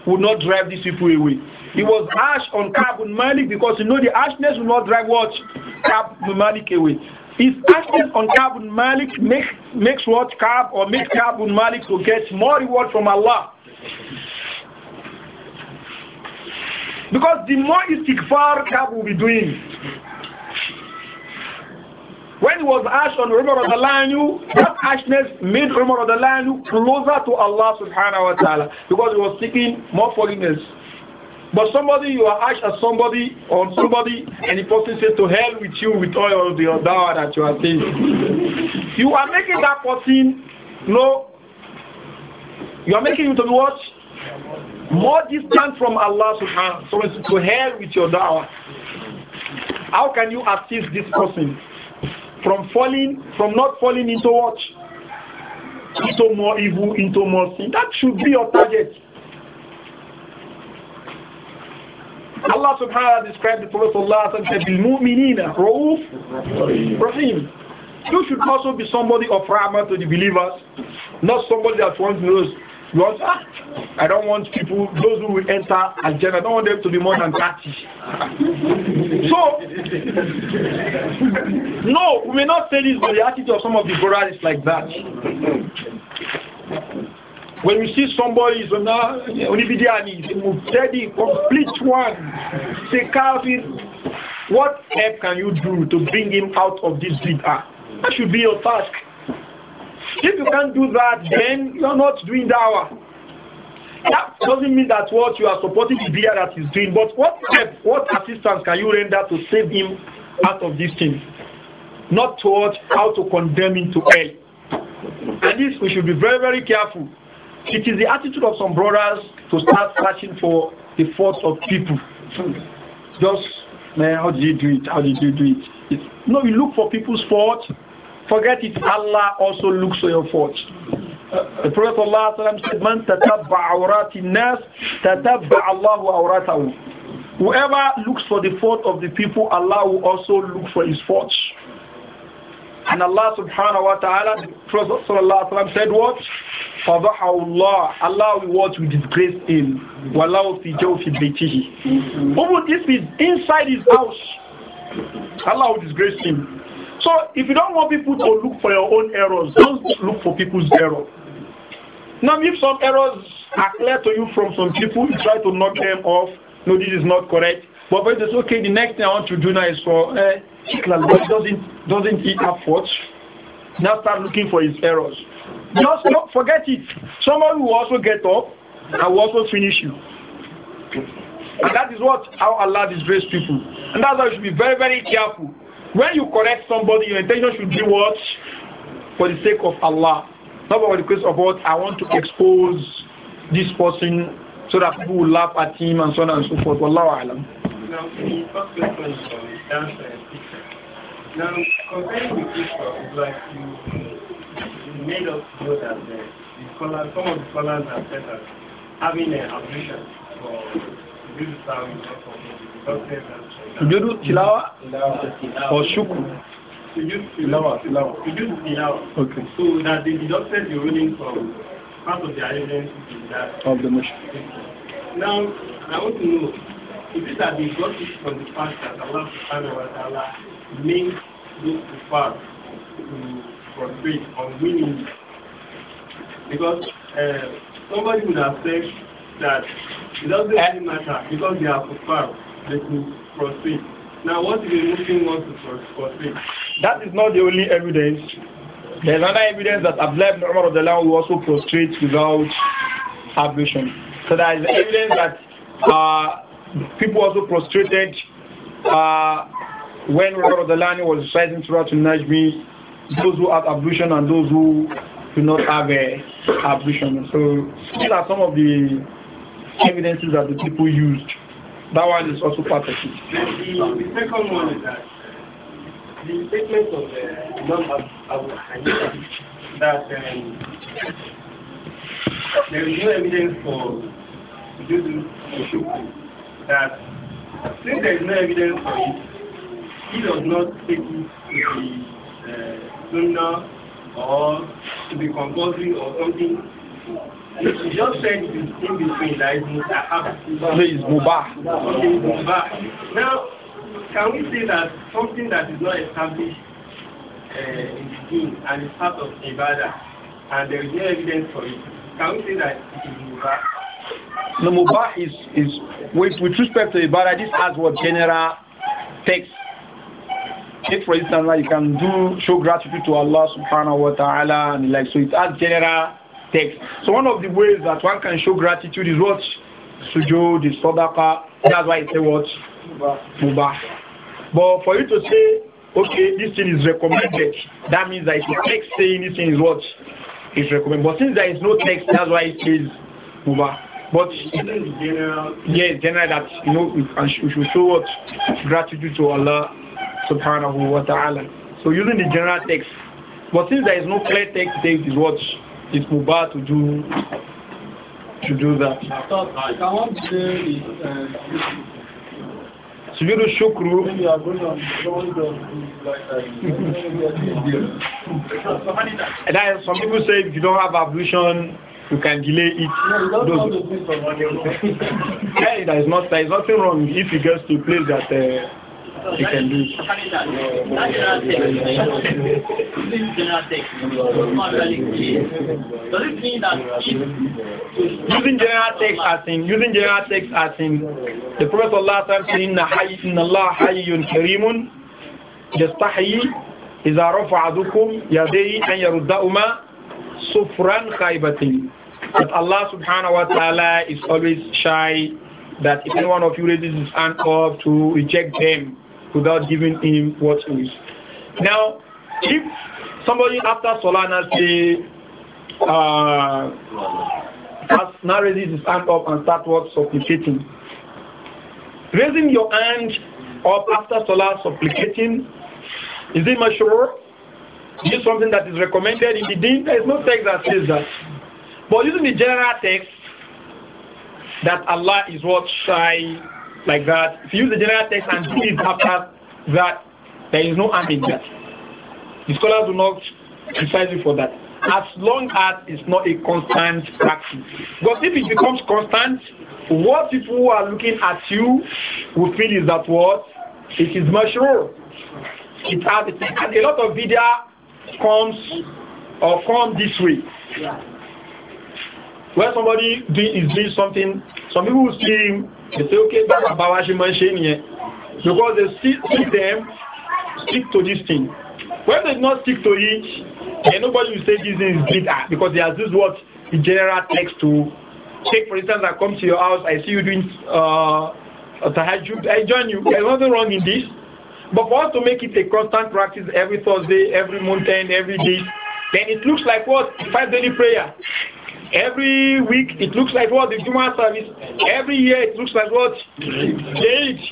would not drive these people away. He was ash on Kab bin Malik because you know the ashness will not drive what? Kab bin Malik away. His ashness on Kab bin Malik makes, makes what Kab or makes Kab bin Malik to get more reward from Allah because the more istighfar Kab will be doing. When it was ash on Umar of the you that ashness made Umar of the Lion closer to Allah subhanahu wa ta'ala because he was seeking more forgiveness. But somebody, you are ash at somebody or somebody, and the person says, To hell with you with all of the dawah that you are saying. you are making that person know you are making him to be what? More distant from Allah subhanahu wa ta'ala. To hell with your da'wah. How can you assist this person from falling, from not falling into what? Into more evil, into more sin. That should be your target. Allah subhanahu wa ta'ala described the Prophet Allah and said, Bil-mu'minina, Rauf, Rahim. You should also be somebody of rahmah to the believers, not somebody that wants those. Because I don't want people, those who will enter Al Jannah, I don't want them to be more than 30. so, no, we may not say this, but the attitude of some of the brothers is like that. When we see somebody is on Unibidiani, Mubtedi, complete one, say, Calvin, what help can you do to bring him out of this bid'ah? That should be your task. If you can't do that, then you're not doing dawah. That doesn't mean that what you are supporting the beer that is doing, but what help, what assistance can you render to save him out of this thing? Not towards how to condemn him to hell. And this we should be very, very careful. It is the attitude of some brothers to start searching for the faults of people. Just man, how did you do it? How did you do it? It's, no, you look for people's fault Forget it, Allah also looks for your faults. The Prophet Allah said, Man tatabba awrati nas, tatabba Allahu awratahu. Whoever looks for the fault of the people, Allah will also look for his faults. And Allah subhanahu wa ta'ala, the Prophet sallam, said what? Allah, Allah with His grace in. him. Wallahu fi jawfi baytihi. Even this is inside his house, Allah will disgrace him. So if you don't want people to look for your own errors, don't look for people's errors. Now, if some errors are clear to you from some people, you try to knock them off. No, this is not correct. But when it's okay, the next thing I want to do now is for uh, doesn't doesn't he afford? Now start looking for his errors. Just not forget it. Someone will also get up and will also finish you. And that is what how Allah disgraces people. And that's why you should be very, very careful. When you correct somebody, your intention should be what? For the sake of Allah. Not about the case of what I want to expose this person so that people will laugh at him and so on and so forth. Wallahu alam. Now, first question is dance and picture. Now, comparing with picture, it's like you, you made us know that the, the color, some of the colors are better having an ambition for Sujudu tilawa or shuku? Sujudu tilawa. Okay. So that they deducted the ruling from part of the evidence that. Of the motion. Now, I want to know, is it that they got from the fact that Allah subhanahu wa ta'ala makes those kuffar to prostrate on winning? Because eh, somebody would have said, that it doesn't really matter because they are kuffar, they could proceed. Now, what if a Muslim wants to proceed? That is not the only evidence. There's another evidence that Abdullah normal Umar of the land will also prostrate without ablution. So there is evidence that uh, people also prostrated uh, when Umar of the land was reciting throughout to Najmi, those who have ablution and those who do not have uh, ablution. So these are some of the evidences that the people used. That one is also part of it. The, the second one is that the statement of the uh, Imam Abu Hanifa that um, there is no evidence for Juju that since there is no evidence for it, he does not take it to be uh, or to be compulsory or something just said in between Please, mubah. Now, can we say that something that is not established uh, in the and is part of ibadah, and there is no evidence for it, can we say that it is mubah? No, mubah is, is with, with respect to ibadah, this has what general text. Take for instance, like you can do show gratitude to Allah subhanahu wa ta'ala and like so it has general text. So one of the ways that one can show gratitude is what? Sujood, the sadaqa. That's why I say what? Mubah. But for you to say, okay, this thing is recommended, that means that if you text saying this thing is what is recommended. But since there is no text, that's why it says Mubah. But general, yes, general that you know we, we should show what gratitude to Allah subhanahu wa ta'ala. So using the general text. But since there is no clear text, text is what it's bad to do to do that. I thought I shukru. When you some people say if you don't have ablution. You can delay it. No, Those, yeah, there is not there is nothing wrong if you get to a place that uh, you can do using general text as in using general text as in the Prophet Allah said inna hayy inna Allah hayyun karimun yastahi idha rafa'a dhukum yadayhi an sufran khaybatin that Allah subhanahu wa ta'ala is always shy that if any one of you raises his hand up to reject them without giving him what he needs. Now, if somebody after Solana say, uh, has now raised his hand up and start what supplicating, raising your hand up after Salah supplicating, is it mature? Is it something that is recommended in the deen? There is no text that says that. But using the general text that Allah is what shy like that. If you use the general text and do it after that, there is no harm in that. The scholars do not criticize you for that. As long as it's not a constant practice. Because if it becomes constant, what people are looking at you will feel is that what? It is mature. It has and a lot of video comes or come this way. When somebody is doing something, some people will see him they say, okay, that's about what you mentioned here. Because they see, see them stick to this thing. When they not stick to it, then nobody will say this is bitter ah, because they are this what the general text to take. For instance, I come to your house, I see you doing uh, a tahajjud, I join you. There's nothing wrong in this. But for us to make it a constant practice every Thursday, every mountain, every day, then it looks like what? Five daily prayer. Every week it looks like what the human service. Every year it looks like what age.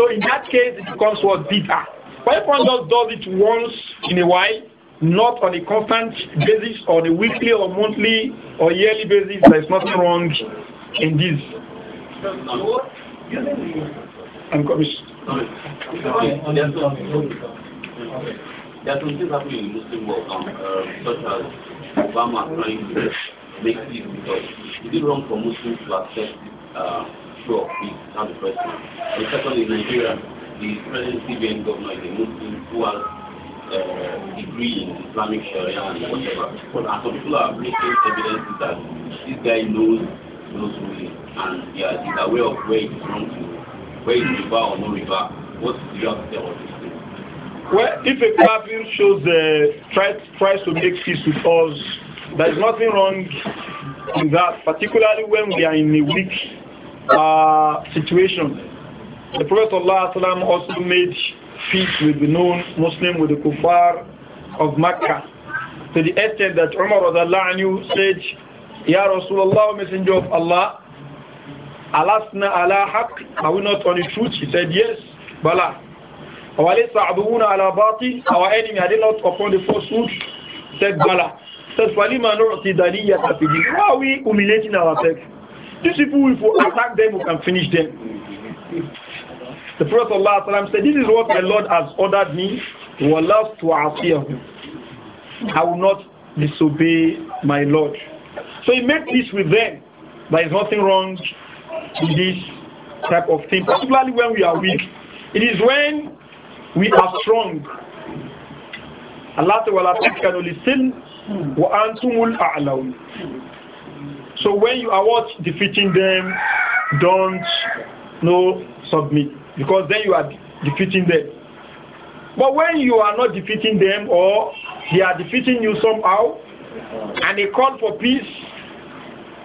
So in that case it becomes what bigger. if one just does it once in a while, not on a constant basis, on a weekly or monthly or yearly basis, there is nothing wrong in this. I'm coming. There are some things happening in Muslim world um, such as Obama trying to make peace because us. Is it wrong for Muslims to accept uh, show of peace? That's the first one. The second Nigeria. The present CBN governor is a Muslim who has uh, degree in Islamic Sharia and whatever. And some people are bringing evidence that this guy knows knows who he is and he is aware of where it's wrong to, where it's river or no river. What do you have to tell us? Well, if a kafir shows uh, tries tries to make peace with us, there is nothing wrong in that. Particularly when we are in a weak uh, situation. The Prophet ﷺ also made peace with the non-Muslim, with the kuffar of Mecca, to the extent that Umar said, "Ya Rasulullah, Messenger of Allah." Alasna ala haq, are we not on the truth? He said, yes, Bala. وَلَيْسَ عَدُوُّنَا عَلَى Our enemy are not upon the falsehood? Said Bala. Says Falima nu'ti daliyata fidin. Why are we humiliating ourselves? These people, if we attack them, we can finish them. The Prophet Allah said, This is what my Lord has ordered me. Wallah to asiyah. I will not disobey my Lord. So he made peace with them. There is nothing wrong with this type of thing, particularly when we are weak. It is when we are strong. Allah Ta'ala tatkanu lisin wa antumul a'laun. So when you are what? Defeating them, don't no submit. Because then you are defeating them. But when you are not defeating them or they are defeating you somehow and they call for peace,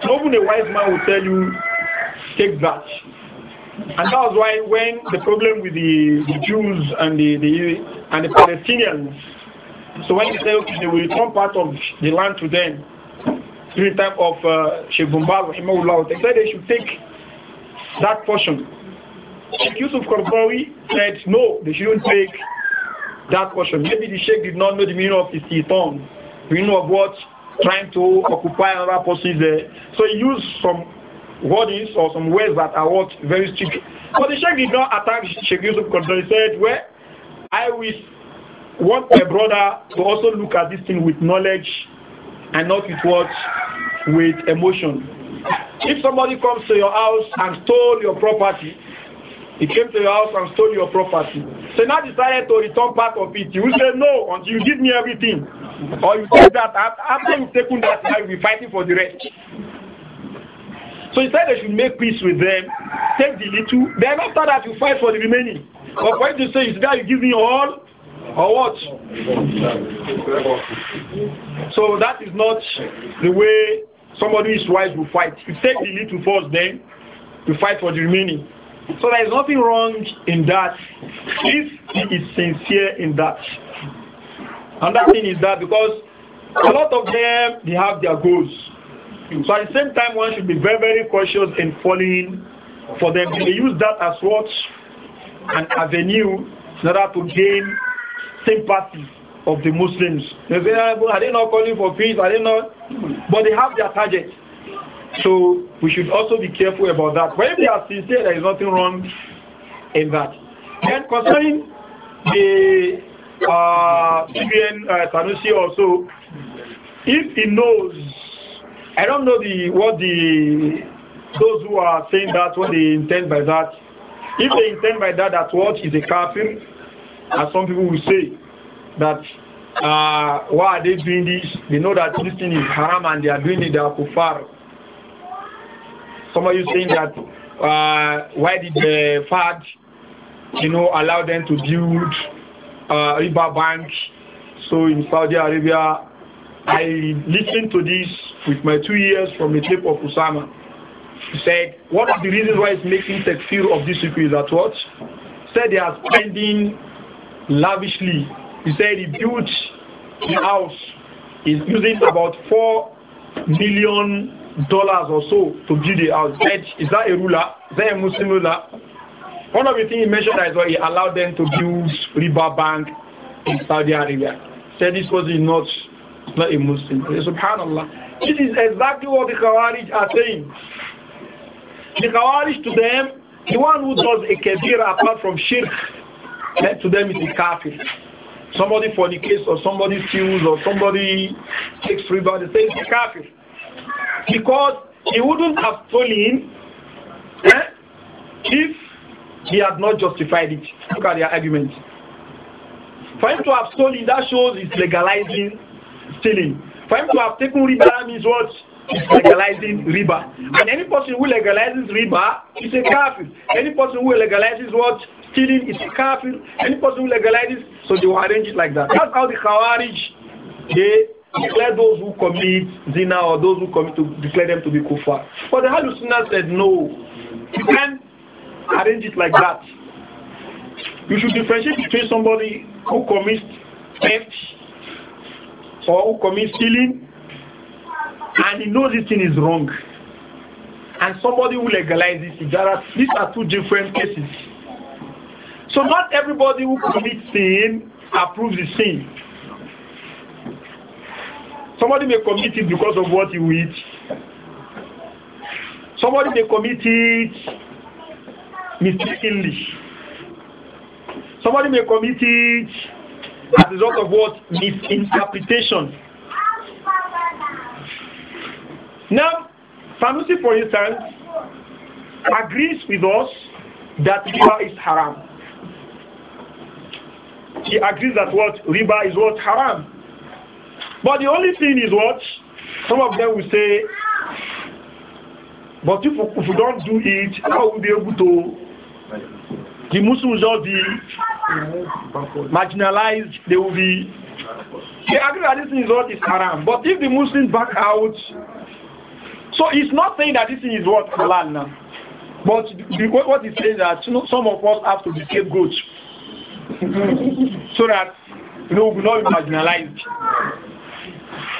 even a wise man will tell you, take that. And that was why when the problem with the, the Jews and the, the, and the Palestinians, so when they say okay, they will return part of the land to them, during the time of uh, Sheikh Bumbal, they said they should take that portion. Sheikh Yusuf Korbawi said no, they shouldn't take that portion. Maybe the Sheikh did not know the meaning of his tongue, the meaning of what trying to occupy another person's. there. so he used some words or some words that are what very strict. But the Sheikh did not attack Sheikh Yusuf because He said, well, I wish want my brother to also look at this thing with knowledge and not with what? With emotion. If somebody comes to your house and stole your property, he came to your house and stole your property. So now decided to return part of it. You will say no until you give me everything. Or you say that after you've taken that, I will be fighting for the rest. So instead, they should make peace with them, take the little, then after that you fight for the remaining. But when you say, is that you give me all, or what? So that is not the way somebody who is wise will fight. You take the little first, then you fight for the remaining. So there is nothing wrong in that if he is sincere in that. And that thing is that because a lot of them, they have their goals. So at the same time, one should be very, very cautious in falling for them. They use that as what? An avenue in order to gain sympathy of the Muslims. They say, ah, are they not calling for peace? Are they not? But they have their target. So we should also be careful about that. if they are sincere, there is nothing wrong in that. Then concerning the uh, CBN uh, Sanusi also, if he knows I don't know the what the those who are saying that what they intend by that. If they intend by that that what is a kafir, as some people will say, that uh, why are they doing this? They know that this thing is haram and they are doing it, they are kufar. Some of you saying that uh, why did the FAD, you know, allow them to build uh, river bank? So in Saudi Arabia, I listened to this with my two ears from the tape of Usama. He said, one of the reasons why it's making fear of this people is that what? said they are spending lavishly. He said he built the house. He's using about four million dollars or so to build the house. Said, is that a ruler? Is that a Muslim ruler? One of the things he mentioned is that he allowed them to build river bank in Saudi Arabia. Said this was not not a Muslim. Subhanallah. This is exactly what the Khawarij are saying. The Khawarij to them, the one who does a kabir apart from shirk, that eh, to them is a kafir. Somebody fornicates or somebody steals or somebody takes riba, they say it's a kafir. Because he wouldn't have stolen eh, if he had not justified it. Look at their argument. For him to have stolen, that shows he's legalizing stealing. For him to have taken riba means what? Legalizing riba. And any person who legalizes riba is a kafir. Any person who legalizes what? Stealing is a kafir. Any person who legalizes, so they will arrange it like that. That's how the Khawarij, they declare those who commit zina or those who commit to declare them to be kufar. But the Ahlul Sunnah said no. You can't arrange it like that. You should differentiate between somebody who commits theft or who stealing and he knows this thing is wrong and somebody will legalize this are, these are two different cases so not everybody who commits sin approves the sin somebody may commit it because of what you eat somebody may commit it mistakenly somebody may commit it as a result of what? Misinterpretation. Now, Sanusi, for instance, agrees with us that riba is haram. He agrees that what riba is what haram. But the only thing is what some of them will say. But if, if we don't do it, how will we be able to? The Muslims will marginalized, they will be. They agree that this thing is what is haram. But if the Muslims back out, so it's not saying that this thing is what halal now. But what he says that you know, some of us have to be scapegoats so that you know, we will not be marginalized.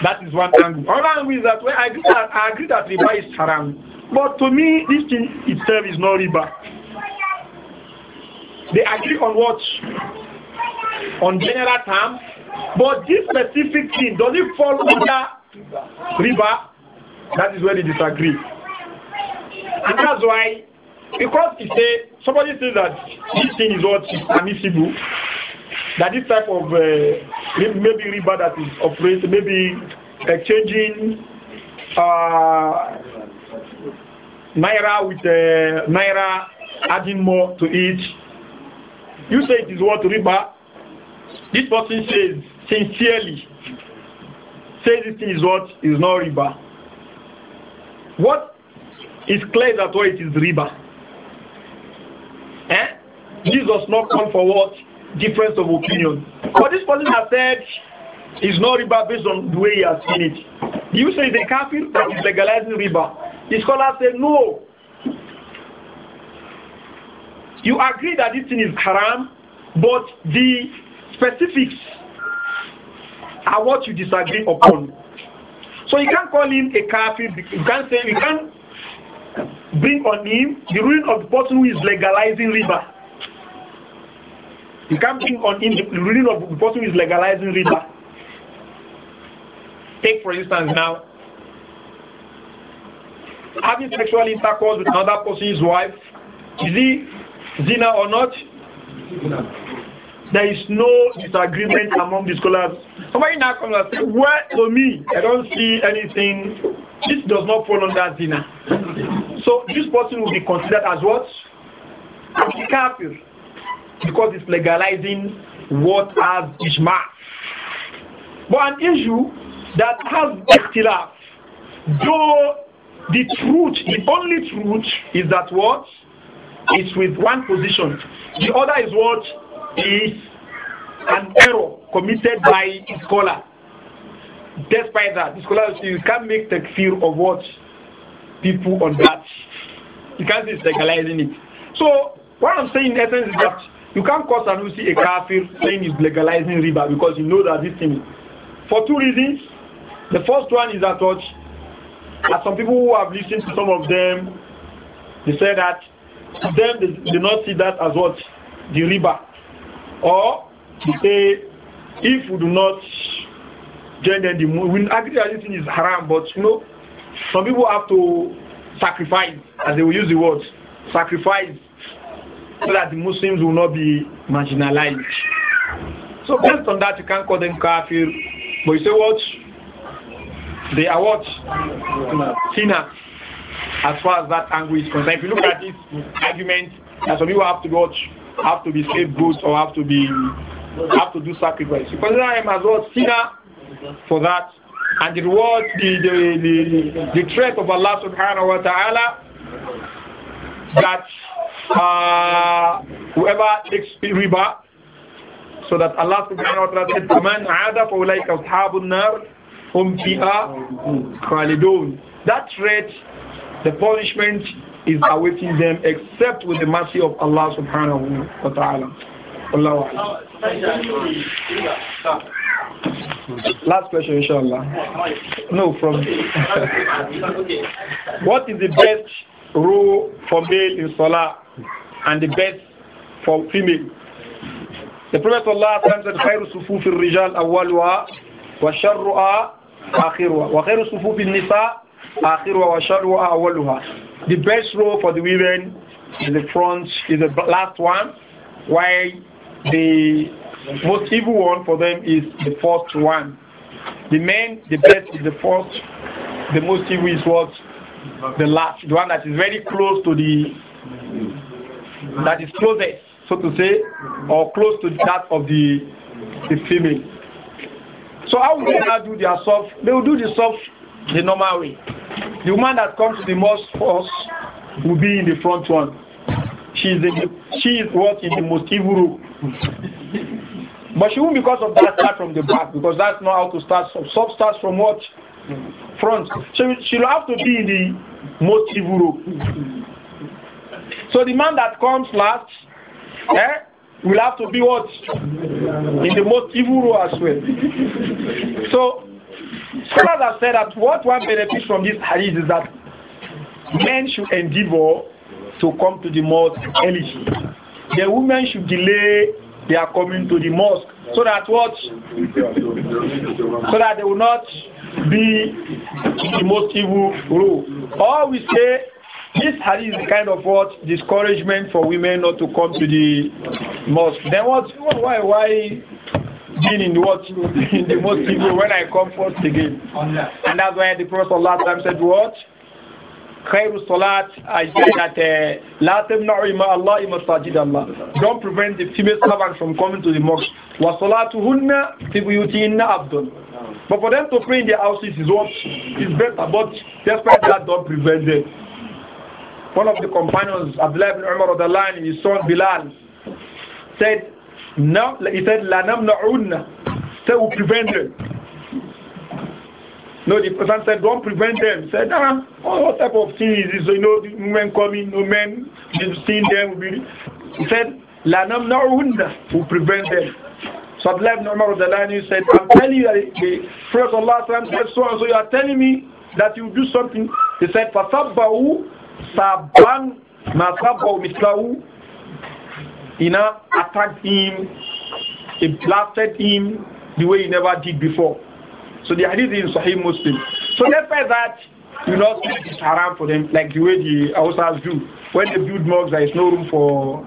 That is one angle. Another angle is that, well, I agree that I agree that riba is haram, but to me, this thing itself is not riba. They agree on what? On general terms. But this specific thing, does it fall under river? That is where they disagree. And that's why, because if say somebody says that this thing is what is permissible, that this type of uh, maybe river that is operating, maybe exchanging uh, naira with uh, naira, adding more to it, you say it is what riba. This person says sincerely, says this thing is what is not riba. What is clear that what it is riba? Eh? This does not come for what difference of opinion. But this person has said is not riba based on the way he has seen it. You say the kafir that is legalizing riba. The scholar said no. You agree that this thing is haram, but the specifics are what you disagree upon. So you can't call him a kafir. You can't say you can't bring on him the ruin of the person who is legalizing riba. You can't bring on him the ruin of the person who is legalizing riba. Take for instance now, having sexual intercourse with another person's wife, is he Zina or not? There is no disagreement among the scholars. Somebody now comes and says, Well, for me, I don't see anything. This does not fall under Zina. So this person will be considered as what? Kafir. Because it's legalizing what has Ishma. But an issue that has ikhtilaf, though the truth, the only truth is that what? is with one position. The other is what is an error committed by a scholar. Despite that, the scholar you can't make the fear of what people on that. You can't be legalizing it. So what I'm saying in essence is that you can't cause and see a kafir saying he's legalizing riba because you know that this thing for two reasons. The first one is that what as some people who have listened to some of them, they say that to them, they do not see that as what? The riba. Or to say, if we do not join them, the we agree everything is haram, but you know, some people have to sacrifice, as they will use the word, sacrifice, so that the Muslims will not be marginalized. So based on that, you can't call them kafir, but you say what? They are what? Sinners as far as that angle is concerned. If you look at this argument that some people have to watch, have to be scapegoats or have to be have to do sacrifice. You consider him as well sinner for that. And the reward, the, the, the, the threat of Allah subhanahu wa ta'ala that uh, whoever takes riba, so that Allah subhanahu wa ta'ala said, فَمَنْ عَادَ for like النَّارِ هُمْ فِيهَا Khalidun." That threat the punishment is awaiting them except with the mercy of Allah subhanahu wa ta'ala. Allah Last question, inshallah. No, from What is the best rule for male in Salah and the best for female? The Prophet Allah said, خير صفوف الرجال أولها وشرها آخرها وخير صفوف Nisa." The best row for the women in the front, is the last one, while the most evil one for them is the first one. The men, the best is the first, the most evil is what? The last, the one that is very close to the, that is closest, so to say, or close to that of the, the female. So how will they now do their soft? They will do the soft the normal way. The woman that comes to the most first will be in the front one. She is, the, she is in the most evil room. But she won't because of that start from the back because that's not how to start. So sub starts from what? Front. So she'll have to be in the most evil room. So the man that comes last eh, will have to be what? In the most evil room as well. So Scholars have said that what one benefits from this hadith is that men should endeavor to come to the mosque early. The women should delay their coming to the mosque so that what so that they will not be the most evil rule. Or we say this hadith is kind of what discouragement for women not to come to the mosque. Then what why why being in the what in the most evil when I come first again. And that's why the Prophet Allah said what? Khairu Salat I said that uh, La Temna'u ima Allah ima Sajid Allah. Don't prevent the female servant from coming to the mosque. Wa Salatuhunna Tibuyutinna Abdul. But for them to pray in their houses is what is better, but despite that don't prevent them. One of the companions, Abdullah ibn Umar of the line, his son Bilal, said now, he said, لَنَمْنَعُنَّ So we prevent them. No, the person said, don't prevent them. He said, ah, oh, what type of thing is this? So, you know, women coming, no men, you've seen them. He said, لَنَمْنَعُنَّ We prevent them. So Abdullah ibn Umar said, I'm telling you that the Prophet Allah said so and so, you are telling me that you do something. He said, فَصَبَّهُ سَبَّنْ مَا صَبَّهُ مِثْلَهُ he now attacked him, he blasted him the way he never did before. So the hadith is in Sahih Muslim. So despite that, you not know, it's haram for them, like the way the outsiders do. When they build mosques, there is no room for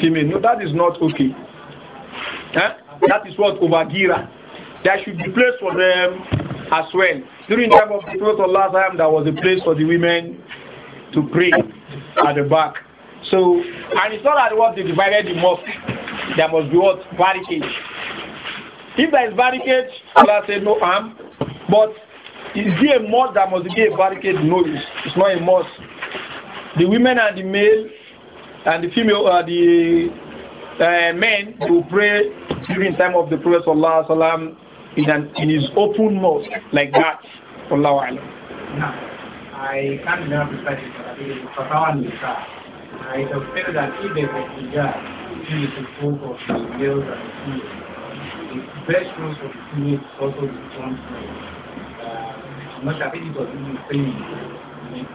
female. No, that is not okay. Huh? That is what overgira. There should be place for them as well. During the time of the Prophet Allah there was a place for the women to pray at the back. So, and it's not that what they divided the mosque, there must be what? Barricade. If there is barricade, Allah said no harm. But is there a mosque that must be a barricade? No, it's, it's not a mosque. The women and the male and the female, uh, the uh, men who pray during time of the Prophet Sallallahu Alaihi Wasallam in, an, in his open mosque like that. Allahu Alam. No, I can't remember precisely, but I think it's I consider that even when he died, he is the both of the girls and the females. The best roles for the is also becomes uh, much ability to do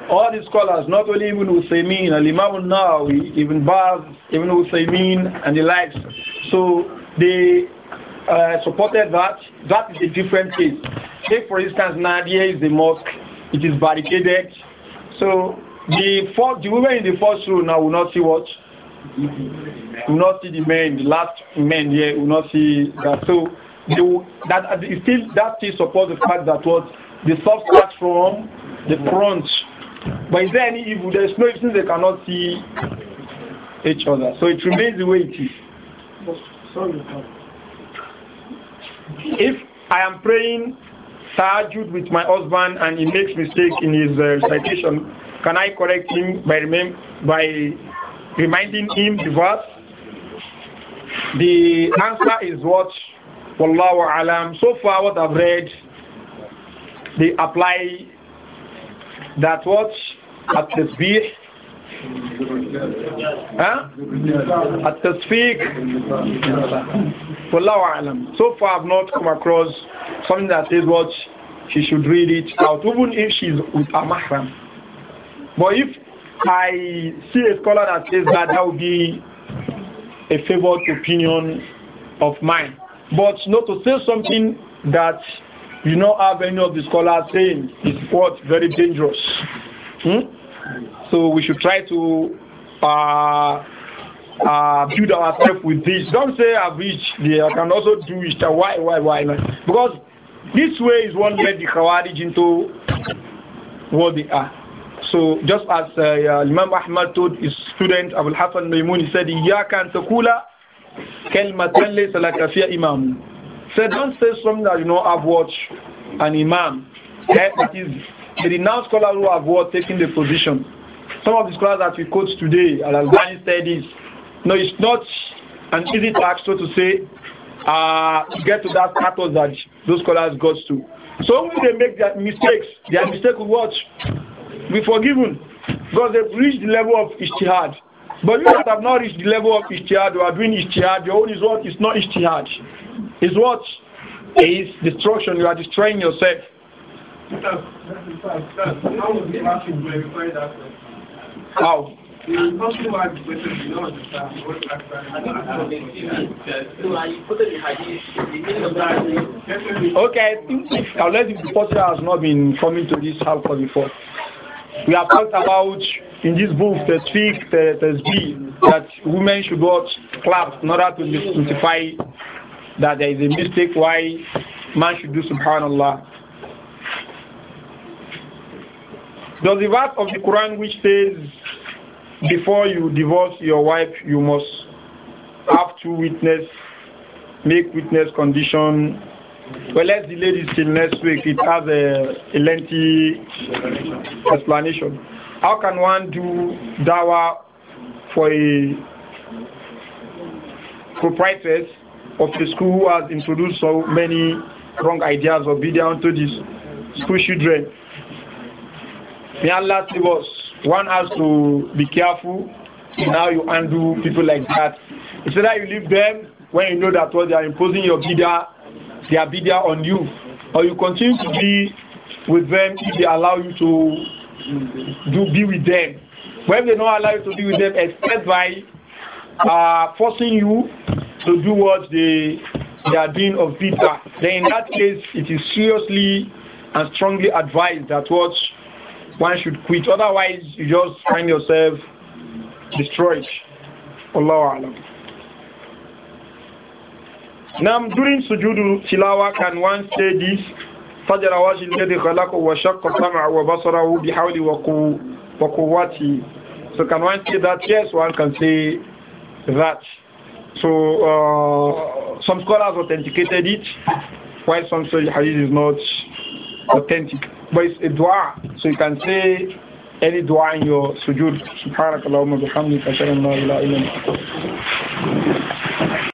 all the scholars, not only Ibn Uthaymeen, Al-Imam al-Nawawi, Ibn Baz, Ibn Uthaymeen, and the likes. So they uh, supported that. That is a different case. Take, for instance, Nadia is the mosque. It is barricaded. So the first, the women in the first row now will not see what? Will not see the men, the last men here will not see that. So they that still that still supports the fact that what the soft starts from the front. But is there any evil? There is no evil since they cannot see each other. So it remains the way it is. If I am praying Sajud with my husband and he makes mistake in his uh, recitation, can I correct him by, by reminding him the verse? The answer is what? Wallahu alam. So far, what I've read, they apply that what at the speech, at speak, wallahu alam so far i've not come across something that says what she should read it out even if she's with a mahram but if I see a scholar that says that, that would be a favored opinion of mine. But not to say something that you not have any of the scholars saying is what very dangerous. Hmm? So we should try to uh, uh, build ourselves with this. Don't say I've reached there. I can also do it. Why, why, why? Because this way is one led the Khawarij into what they are. So just as uh, uh, Imam Ahmad told his student Abu Hassan Maymun, he said, "Iyaka antakula kelmatan laysa laka imam." So don't say something that you know have watched an imam. Eh, that is, the renowned scholar who have taking the position. Some of the scholars that we quote today, Al Albani said this. No, it's not an easy task, so to say, uh, to get to that status that those scholars got to. So when they make their mistakes, their mistake will watch be forgiven because they've reached the level of ijtihad. But you that have not reached the level of ijtihad you are doing ijtihad, your own is what is not ijtihad. Is what is destruction. You are destroying yourself. How? Okay, unless the person has not been coming to this house before. We have talked about in this book, the speak, the, the speak, that women should watch clubs, in order to justify that there is a mistake why man should do subhanallah. Does the verse of the Quran which says, before you divorce your wife, you must have to witness, make witness condition well, let's delay this till next week. It has a, a lengthy explanation. How can one do dawa for a proprietor of the school who has introduced so many wrong ideas of bidya onto these school children? May Allah save us. One has to be careful now you undo people like that. Instead that you leave them when you know that what they are imposing your bidah they are bidia on you, or you continue to be with them if they allow you to do be with them. When they don't allow you to be with them, except by uh, forcing you to do what they they are doing of bidah, then in that case it is seriously and strongly advised that what one should quit. Otherwise, you just find yourself destroyed. Allah Allah. Now, during sujudu tilawa, can one say this? فجر وجه الذي wa وشق سمعه وبصره بحول So can one say that? Yes, one can say that. So uh, some scholars authenticated it, while some say hadith is not authentic. But it's a dua, so you can say any dua in your sujood. Subhanakallahumma bihamdika, ashhadu an la ilaha illa